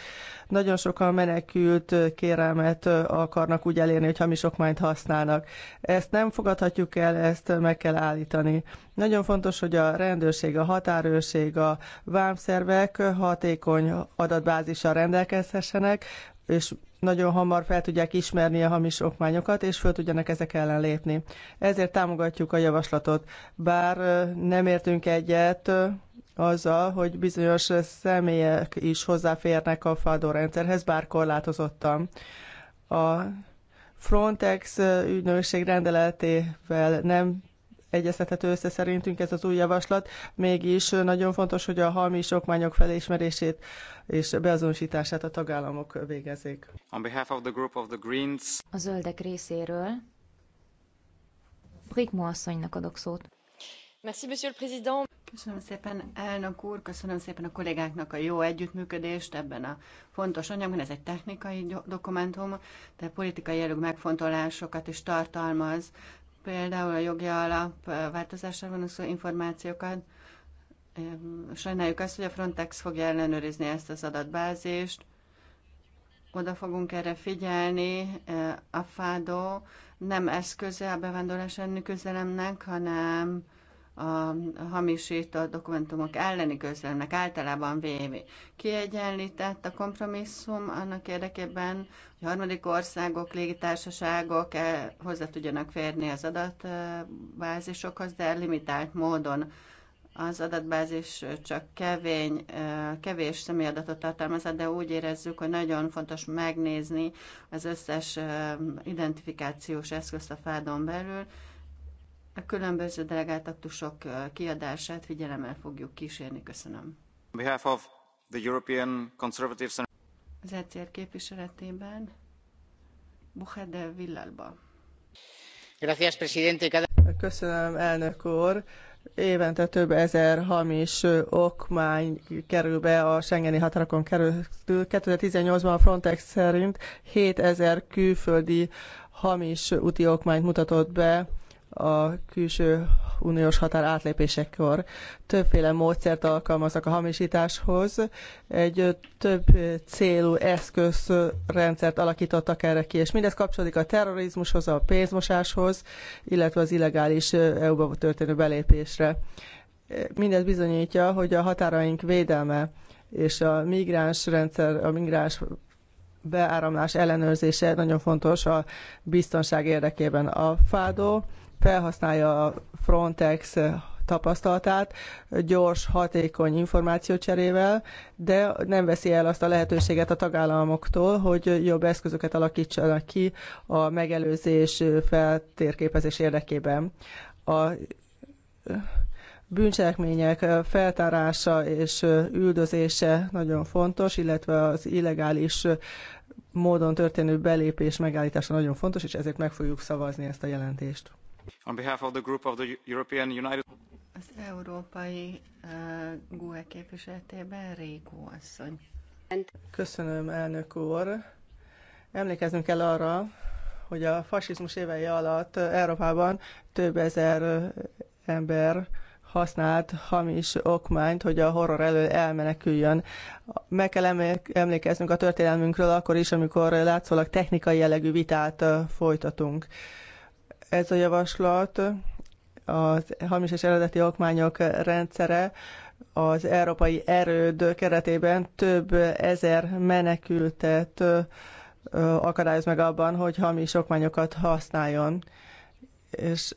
Nagyon sokan menekült kérelmet akarnak úgy elérni, hogy hamis okmányt használnak. Ezt nem fogadhatjuk el, ezt meg kell állítani. Nagyon fontos, hogy a rendőrség, a határőrség, a vámszervek hatékony adatbázissal rendelkezhessenek, és nagyon hamar fel tudják ismerni a hamis okmányokat, és föl tudjanak ezek ellen lépni. Ezért támogatjuk a javaslatot. Bár nem értünk egyet, azzal, hogy bizonyos személyek is hozzáférnek a FADO rendszerhez, bár korlátozottan. A Frontex ügynökség rendeletével nem egyeztethető össze szerintünk ez az új javaslat, mégis nagyon fontos, hogy a hamis okmányok felismerését és beazonosítását a tagállamok végezzék. On behalf of the group of the Greens. A zöldek részéről Brigmo asszonynak adok szót. Köszönöm szépen, elnök úr, köszönöm szépen a kollégáknak a jó együttműködést ebben a fontos anyagban. Ez egy technikai dokumentum, de politikai jelög megfontolásokat is tartalmaz, például a jogi alap változásra vonatkozó információkat. Sajnáljuk azt, hogy a Frontex fogja ellenőrizni ezt az adatbázist, oda fogunk erre figyelni, a FADO nem eszköze a bevándorlás elleni küzdelemnek, hanem a hamisított dokumentumok elleni közlemnek általában véve Kiegyenlített a kompromisszum annak érdekében, hogy harmadik országok, légitársaságok e, hozzá tudjanak férni az adatbázisokhoz, de limitált módon az adatbázis csak kevény, e, kevés személyadatot tartalmaz, de úgy érezzük, hogy nagyon fontos megnézni az összes e, identifikációs eszközt a fádon belül, a különböző delegáltaktusok kiadását figyelemmel fogjuk kísérni. Köszönöm. On behalf of the European Conservatives and... Az ECR képviseletében Buhede Villalba. Gracias, presidente. Köszönöm, elnök úr évente több ezer hamis okmány kerül be a Schengeni határokon keresztül. 2018-ban a Frontex szerint 7000 külföldi hamis úti okmányt mutatott be a külső uniós határ átlépésekor. Többféle módszert alkalmaznak a hamisításhoz. Egy több célú eszközrendszert alakítottak erre ki, és mindez kapcsolódik a terrorizmushoz, a pénzmosáshoz, illetve az illegális EU-ba történő belépésre. Mindez bizonyítja, hogy a határaink védelme és a migráns rendszer, a migráns beáramlás ellenőrzése nagyon fontos a biztonság érdekében. A FADO felhasználja a Frontex tapasztalatát gyors, hatékony információcserével, de nem veszi el azt a lehetőséget a tagállamoktól, hogy jobb eszközöket alakítsanak ki a megelőzés feltérképezés érdekében. A bűncselekmények feltárása és üldözése nagyon fontos, illetve az illegális módon történő belépés megállítása nagyon fontos, és ezért meg fogjuk szavazni ezt a jelentést. On behalf of the group of the European United... Az európai uh, GUE képviseletében Régó asszony. Köszönöm, elnök úr. Emlékeznünk el arra, hogy a fasizmus évei alatt Európában több ezer ember használt hamis okmányt, hogy a horror elől elmeneküljön. Meg kell emlékeznünk a történelmünkről akkor is, amikor látszólag technikai jellegű vitát folytatunk. Ez a javaslat az hamis és eredeti okmányok rendszere az európai erőd keretében több ezer menekültet akadályoz meg abban, hogy hamis okmányokat használjon. És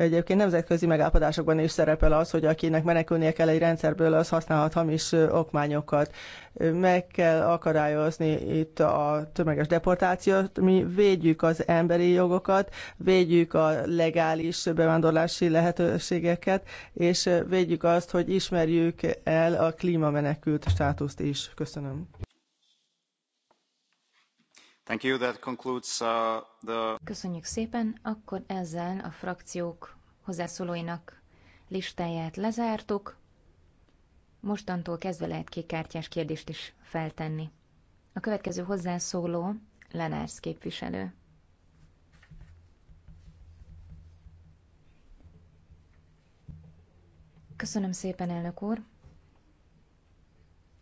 Egyébként nemzetközi megállapodásokban is szerepel az, hogy akinek menekülnie kell egy rendszerből, az használhat hamis okmányokat. Meg kell akadályozni itt a tömeges deportációt. Mi védjük az emberi jogokat, védjük a legális bevándorlási lehetőségeket, és védjük azt, hogy ismerjük el a klímamenekült státuszt is. Köszönöm. Thank you, that concludes, uh, the... Köszönjük szépen, akkor ezzel a frakciók hozzászólóinak listáját lezártuk. Mostantól kezdve lehet kékkártyás kérdést is feltenni. A következő hozzászóló Lenárs képviselő. Köszönöm szépen, elnök úr!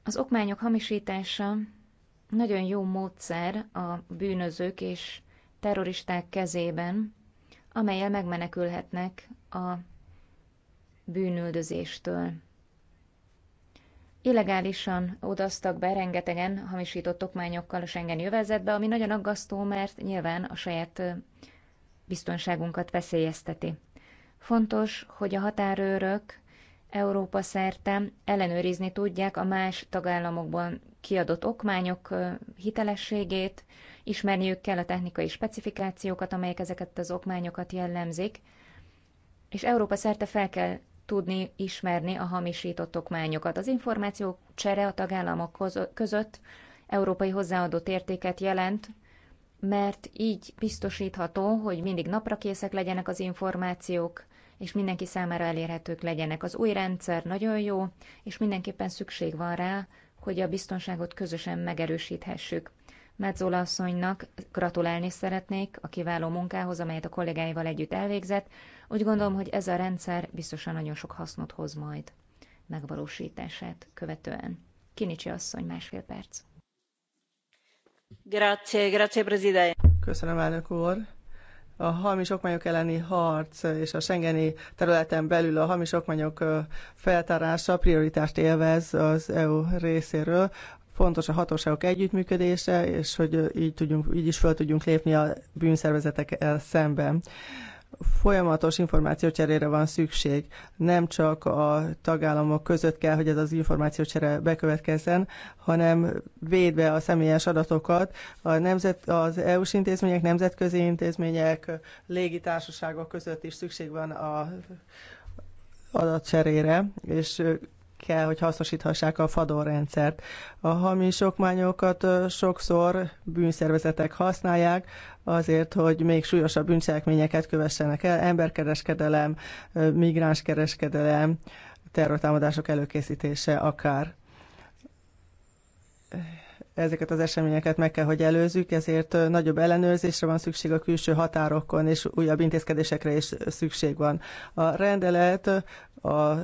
Az okmányok hamisítása nagyon jó módszer a bűnözők és terroristák kezében, amelyel megmenekülhetnek a bűnüldözéstől. Illegálisan odaztak be rengetegen hamisított okmányokkal a Schengen jövezetbe, ami nagyon aggasztó, mert nyilván a saját biztonságunkat veszélyezteti. Fontos, hogy a határőrök Európa szerte ellenőrizni tudják a más tagállamokban kiadott okmányok hitelességét, ismerniük kell a technikai specifikációkat, amelyek ezeket az okmányokat jellemzik, és Európa szerte fel kell tudni ismerni a hamisított okmányokat. Az információ csere a tagállamok között európai hozzáadott értéket jelent, mert így biztosítható, hogy mindig naprakészek legyenek az információk, és mindenki számára elérhetők legyenek. Az új rendszer nagyon jó, és mindenképpen szükség van rá, hogy a biztonságot közösen megerősíthessük. Metzola asszonynak gratulálni szeretnék a kiváló munkához, amelyet a kollégáival együtt elvégzett. Úgy gondolom, hogy ez a rendszer biztosan nagyon sok hasznot hoz majd megvalósítását követően. Kinicsi asszony, másfél perc. Grazie, grazie, Presidente. Köszönöm, elnök úr a hamis okmányok elleni harc és a Schengeni területen belül a hamis okmányok feltárása prioritást élvez az EU részéről. Fontos a hatóságok együttműködése, és hogy így, tudjunk, így is fel tudjunk lépni a bűnszervezetekkel szemben folyamatos információcserére van szükség. Nem csak a tagállamok között kell, hogy ez az információcsere bekövetkezzen, hanem védve a személyes adatokat a nemzet, az EU-s intézmények, nemzetközi intézmények, légitársaságok között is szükség van a adatcserére, és kell, hogy hasznosíthassák a fadorrendszert. A hamis okmányokat sokszor bűnszervezetek használják azért, hogy még súlyosabb bűncselekményeket kövessenek el, emberkereskedelem, migránskereskedelem, terrortámadások előkészítése akár ezeket az eseményeket meg kell, hogy előzzük, ezért nagyobb ellenőrzésre van szükség a külső határokon, és újabb intézkedésekre is szükség van. A rendelet a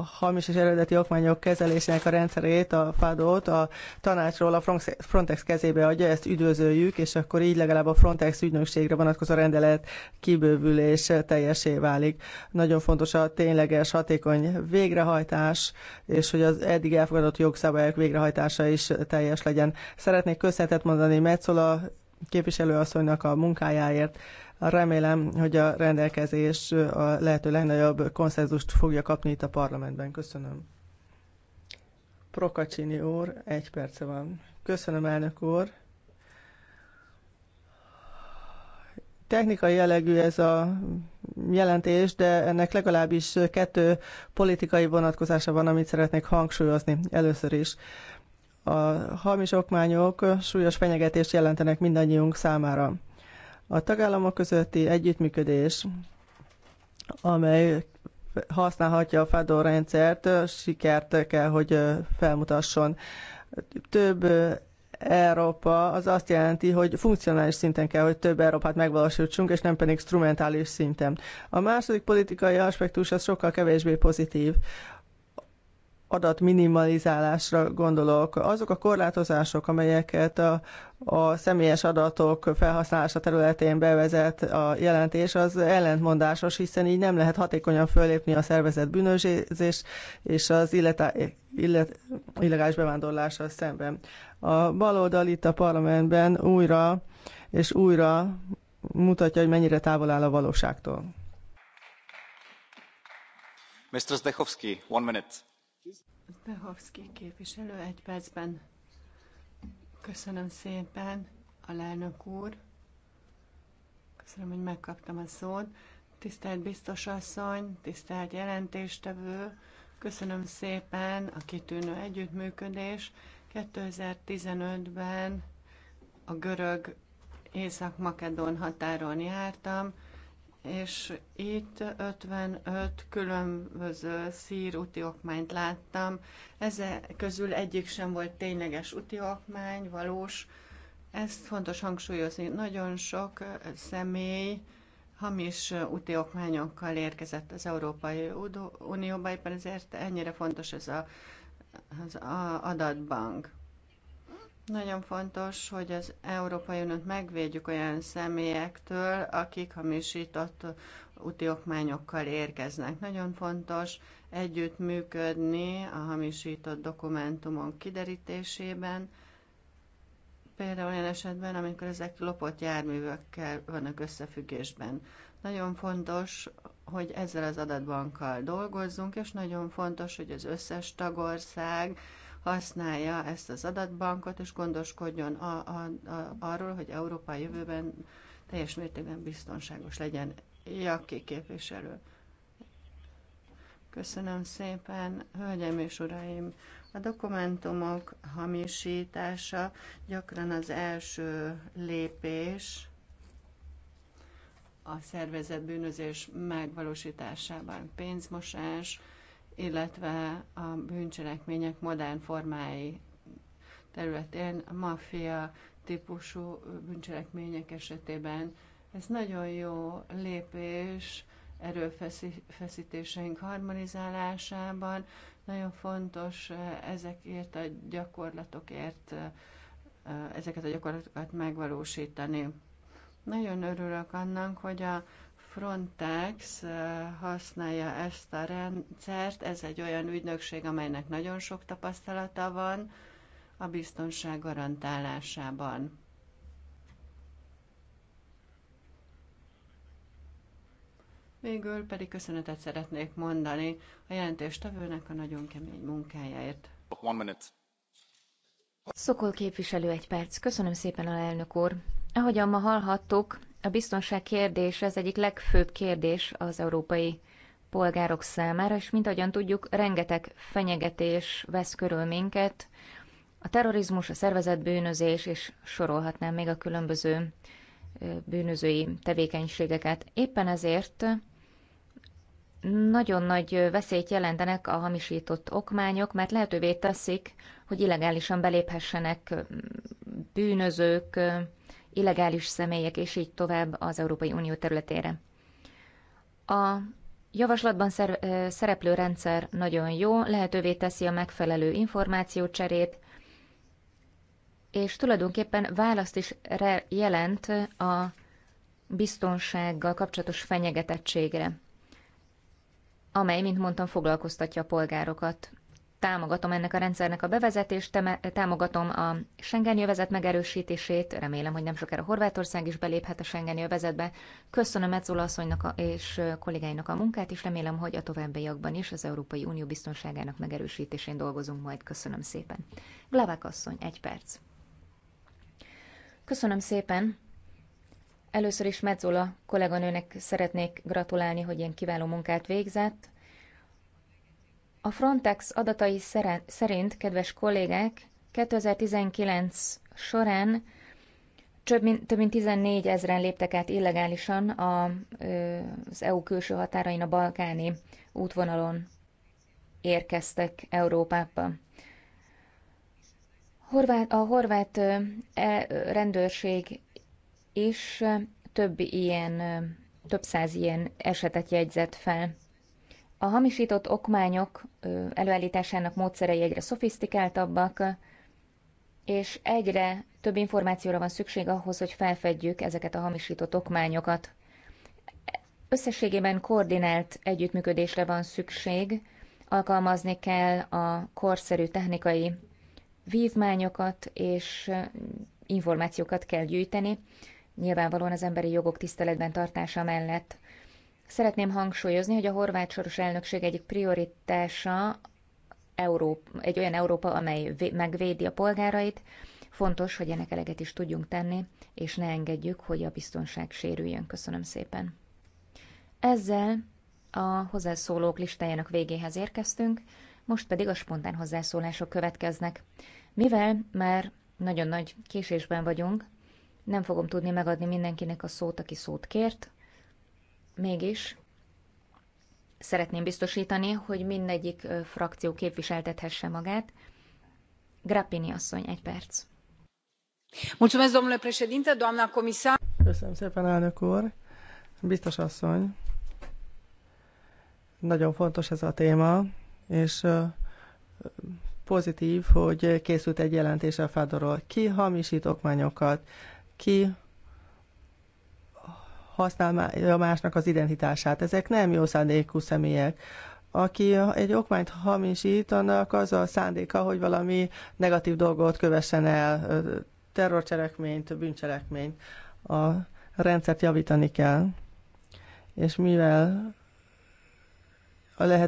a hamis és eredeti okmányok kezelésének a rendszerét, a fado a tanácsról a Frontex kezébe adja, ezt üdvözöljük, és akkor így legalább a Frontex ügynökségre vonatkozó rendelet kibővülés teljesé válik. Nagyon fontos a tényleges, hatékony végrehajtás, és hogy az eddig elfogadott jogszabályok végrehajtása is teljes legyen. Szeretnék köszönetet mondani Metzola képviselőasszonynak a munkájáért. Remélem, hogy a rendelkezés a lehető legnagyobb konszenzust fogja kapni itt a parlamentben. Köszönöm. Prokacsini úr, egy perce van. Köszönöm, elnök úr. technikai jellegű ez a jelentés, de ennek legalábbis kettő politikai vonatkozása van, amit szeretnék hangsúlyozni először is. A hamis okmányok súlyos fenyegetést jelentenek mindannyiunk számára. A tagállamok közötti együttműködés, amely használhatja a FADO rendszert, sikert kell, hogy felmutasson. Több Európa az azt jelenti, hogy funkcionális szinten kell, hogy több Európát megvalósítsunk, és nem pedig instrumentális szinten. A második politikai aspektus az sokkal kevésbé pozitív adatminimalizálásra gondolok. Azok a korlátozások, amelyeket a, a személyes adatok felhasználása területén bevezet a jelentés, az ellentmondásos, hiszen így nem lehet hatékonyan fölépni a szervezet bűnözés és az illetá, illet, illegális bevándorlása szemben. A baloldal itt a parlamentben újra és újra mutatja, hogy mennyire távol áll a valóságtól. Mr. Zdechovsky, one minute Behovszki képviselő egy percben. Köszönöm szépen, a lelnök úr. Köszönöm, hogy megkaptam a szót. Tisztelt biztos asszony, tisztelt jelentéstevő, köszönöm szépen a kitűnő együttműködés. 2015-ben a görög Észak-Makedón határon jártam, és itt 55 különböző szír úti okmányt láttam. Ezek közül egyik sem volt tényleges úti okmány, valós. Ezt fontos hangsúlyozni. Nagyon sok személy hamis úti okmányokkal érkezett az Európai Unióba, éppen ezért ennyire fontos ez a, az a adatbank. Nagyon fontos, hogy az Európai Uniót megvédjük olyan személyektől, akik hamisított úti okmányokkal érkeznek. Nagyon fontos együttműködni a hamisított dokumentumok kiderítésében, például olyan esetben, amikor ezek lopott járművekkel vannak összefüggésben. Nagyon fontos, hogy ezzel az adatbankkal dolgozzunk, és nagyon fontos, hogy az összes tagország használja ezt az adatbankot, és gondoskodjon a, a, a, arról, hogy Európa jövőben teljes mértékben biztonságos legyen. Jaki képviselő. Köszönöm szépen, hölgyeim és uraim! A dokumentumok hamisítása gyakran az első lépés a szervezett bűnözés megvalósításában. Pénzmosás, illetve a bűncselekmények modern formái területén, a maffia típusú bűncselekmények esetében. Ez nagyon jó lépés erőfeszítéseink harmonizálásában. Nagyon fontos eh, ezekért a gyakorlatokért, eh, ezeket a gyakorlatokat megvalósítani. Nagyon örülök annak, hogy a Frontex eh, használja ezt a rendszert, ez egy olyan ügynökség, amelynek nagyon sok tapasztalata van a biztonság garantálásában. Végül pedig köszönetet szeretnék mondani a jelentéstevőnek a nagyon kemény munkájáért. One minute. Szokol képviselő egy perc. Köszönöm szépen, a elnök úr. Ahogyan ma hallhattuk, a biztonság kérdése az egyik legfőbb kérdés az európai polgárok számára, és mint ahogyan tudjuk, rengeteg fenyegetés vesz körül minket, a terrorizmus, a bűnözés, és sorolhatnám még a különböző bűnözői tevékenységeket. Éppen ezért nagyon nagy veszélyt jelentenek a hamisított okmányok, mert lehetővé teszik, hogy illegálisan beléphessenek bűnözők, illegális személyek, és így tovább az Európai Unió területére. A javaslatban szereplő rendszer nagyon jó, lehetővé teszi a megfelelő információcserét, és tulajdonképpen választ is jelent a biztonsággal kapcsolatos fenyegetettségre, amely, mint mondtam, foglalkoztatja a polgárokat. Támogatom ennek a rendszernek a bevezetést, támogatom a Schengen jövezet megerősítését, remélem, hogy nem sokára Horvátország is beléphet a Schengen jövezetbe. Köszönöm Metzola asszonynak és kollégáinak a munkát, és remélem, hogy a továbbiakban is az Európai Unió biztonságának megerősítésén dolgozunk majd. Köszönöm szépen. Glavák asszony, egy perc. Köszönöm szépen. Először is Metzola kolléganőnek szeretnék gratulálni, hogy ilyen kiváló munkát végzett. A Frontex adatai szerint, kedves kollégák, 2019 során több mint, több mint 14 ezeren léptek át illegálisan a, az EU külső határain a balkáni útvonalon érkeztek Európába. a horvát e, rendőrség is több ilyen, több száz ilyen esetet jegyzett fel. A hamisított okmányok előállításának módszerei egyre szofisztikáltabbak, és egyre több információra van szükség ahhoz, hogy felfedjük ezeket a hamisított okmányokat. Összességében koordinált együttműködésre van szükség, alkalmazni kell a korszerű technikai vívmányokat és információkat kell gyűjteni, nyilvánvalóan az emberi jogok tiszteletben tartása mellett. Szeretném hangsúlyozni, hogy a horvát soros elnökség egyik prioritása Európa, egy olyan Európa, amely megvédi a polgárait. Fontos, hogy ennek eleget is tudjunk tenni, és ne engedjük, hogy a biztonság sérüljön. Köszönöm szépen. Ezzel a hozzászólók listájának végéhez érkeztünk, most pedig a spontán hozzászólások következnek. Mivel már nagyon nagy késésben vagyunk, nem fogom tudni megadni mindenkinek a szót, aki szót kért, Mégis szeretném biztosítani, hogy mindegyik frakció képviseltethesse magát. Grappini asszony, egy perc. Mulțumesc, domnule președinte, doamna comisar. Köszönöm szépen, elnök úr. Biztos asszony. Nagyon fontos ez a téma, és pozitív, hogy készült egy jelentés a Fádorról. Ki hamisít okmányokat, ki használja másnak az identitását. Ezek nem jó szándékú személyek. Aki egy okmányt hamisít, annak az a szándéka, hogy valami negatív dolgot kövessen el, terrorcselekményt, bűncselekményt. A rendszert javítani kell. És mivel a lehet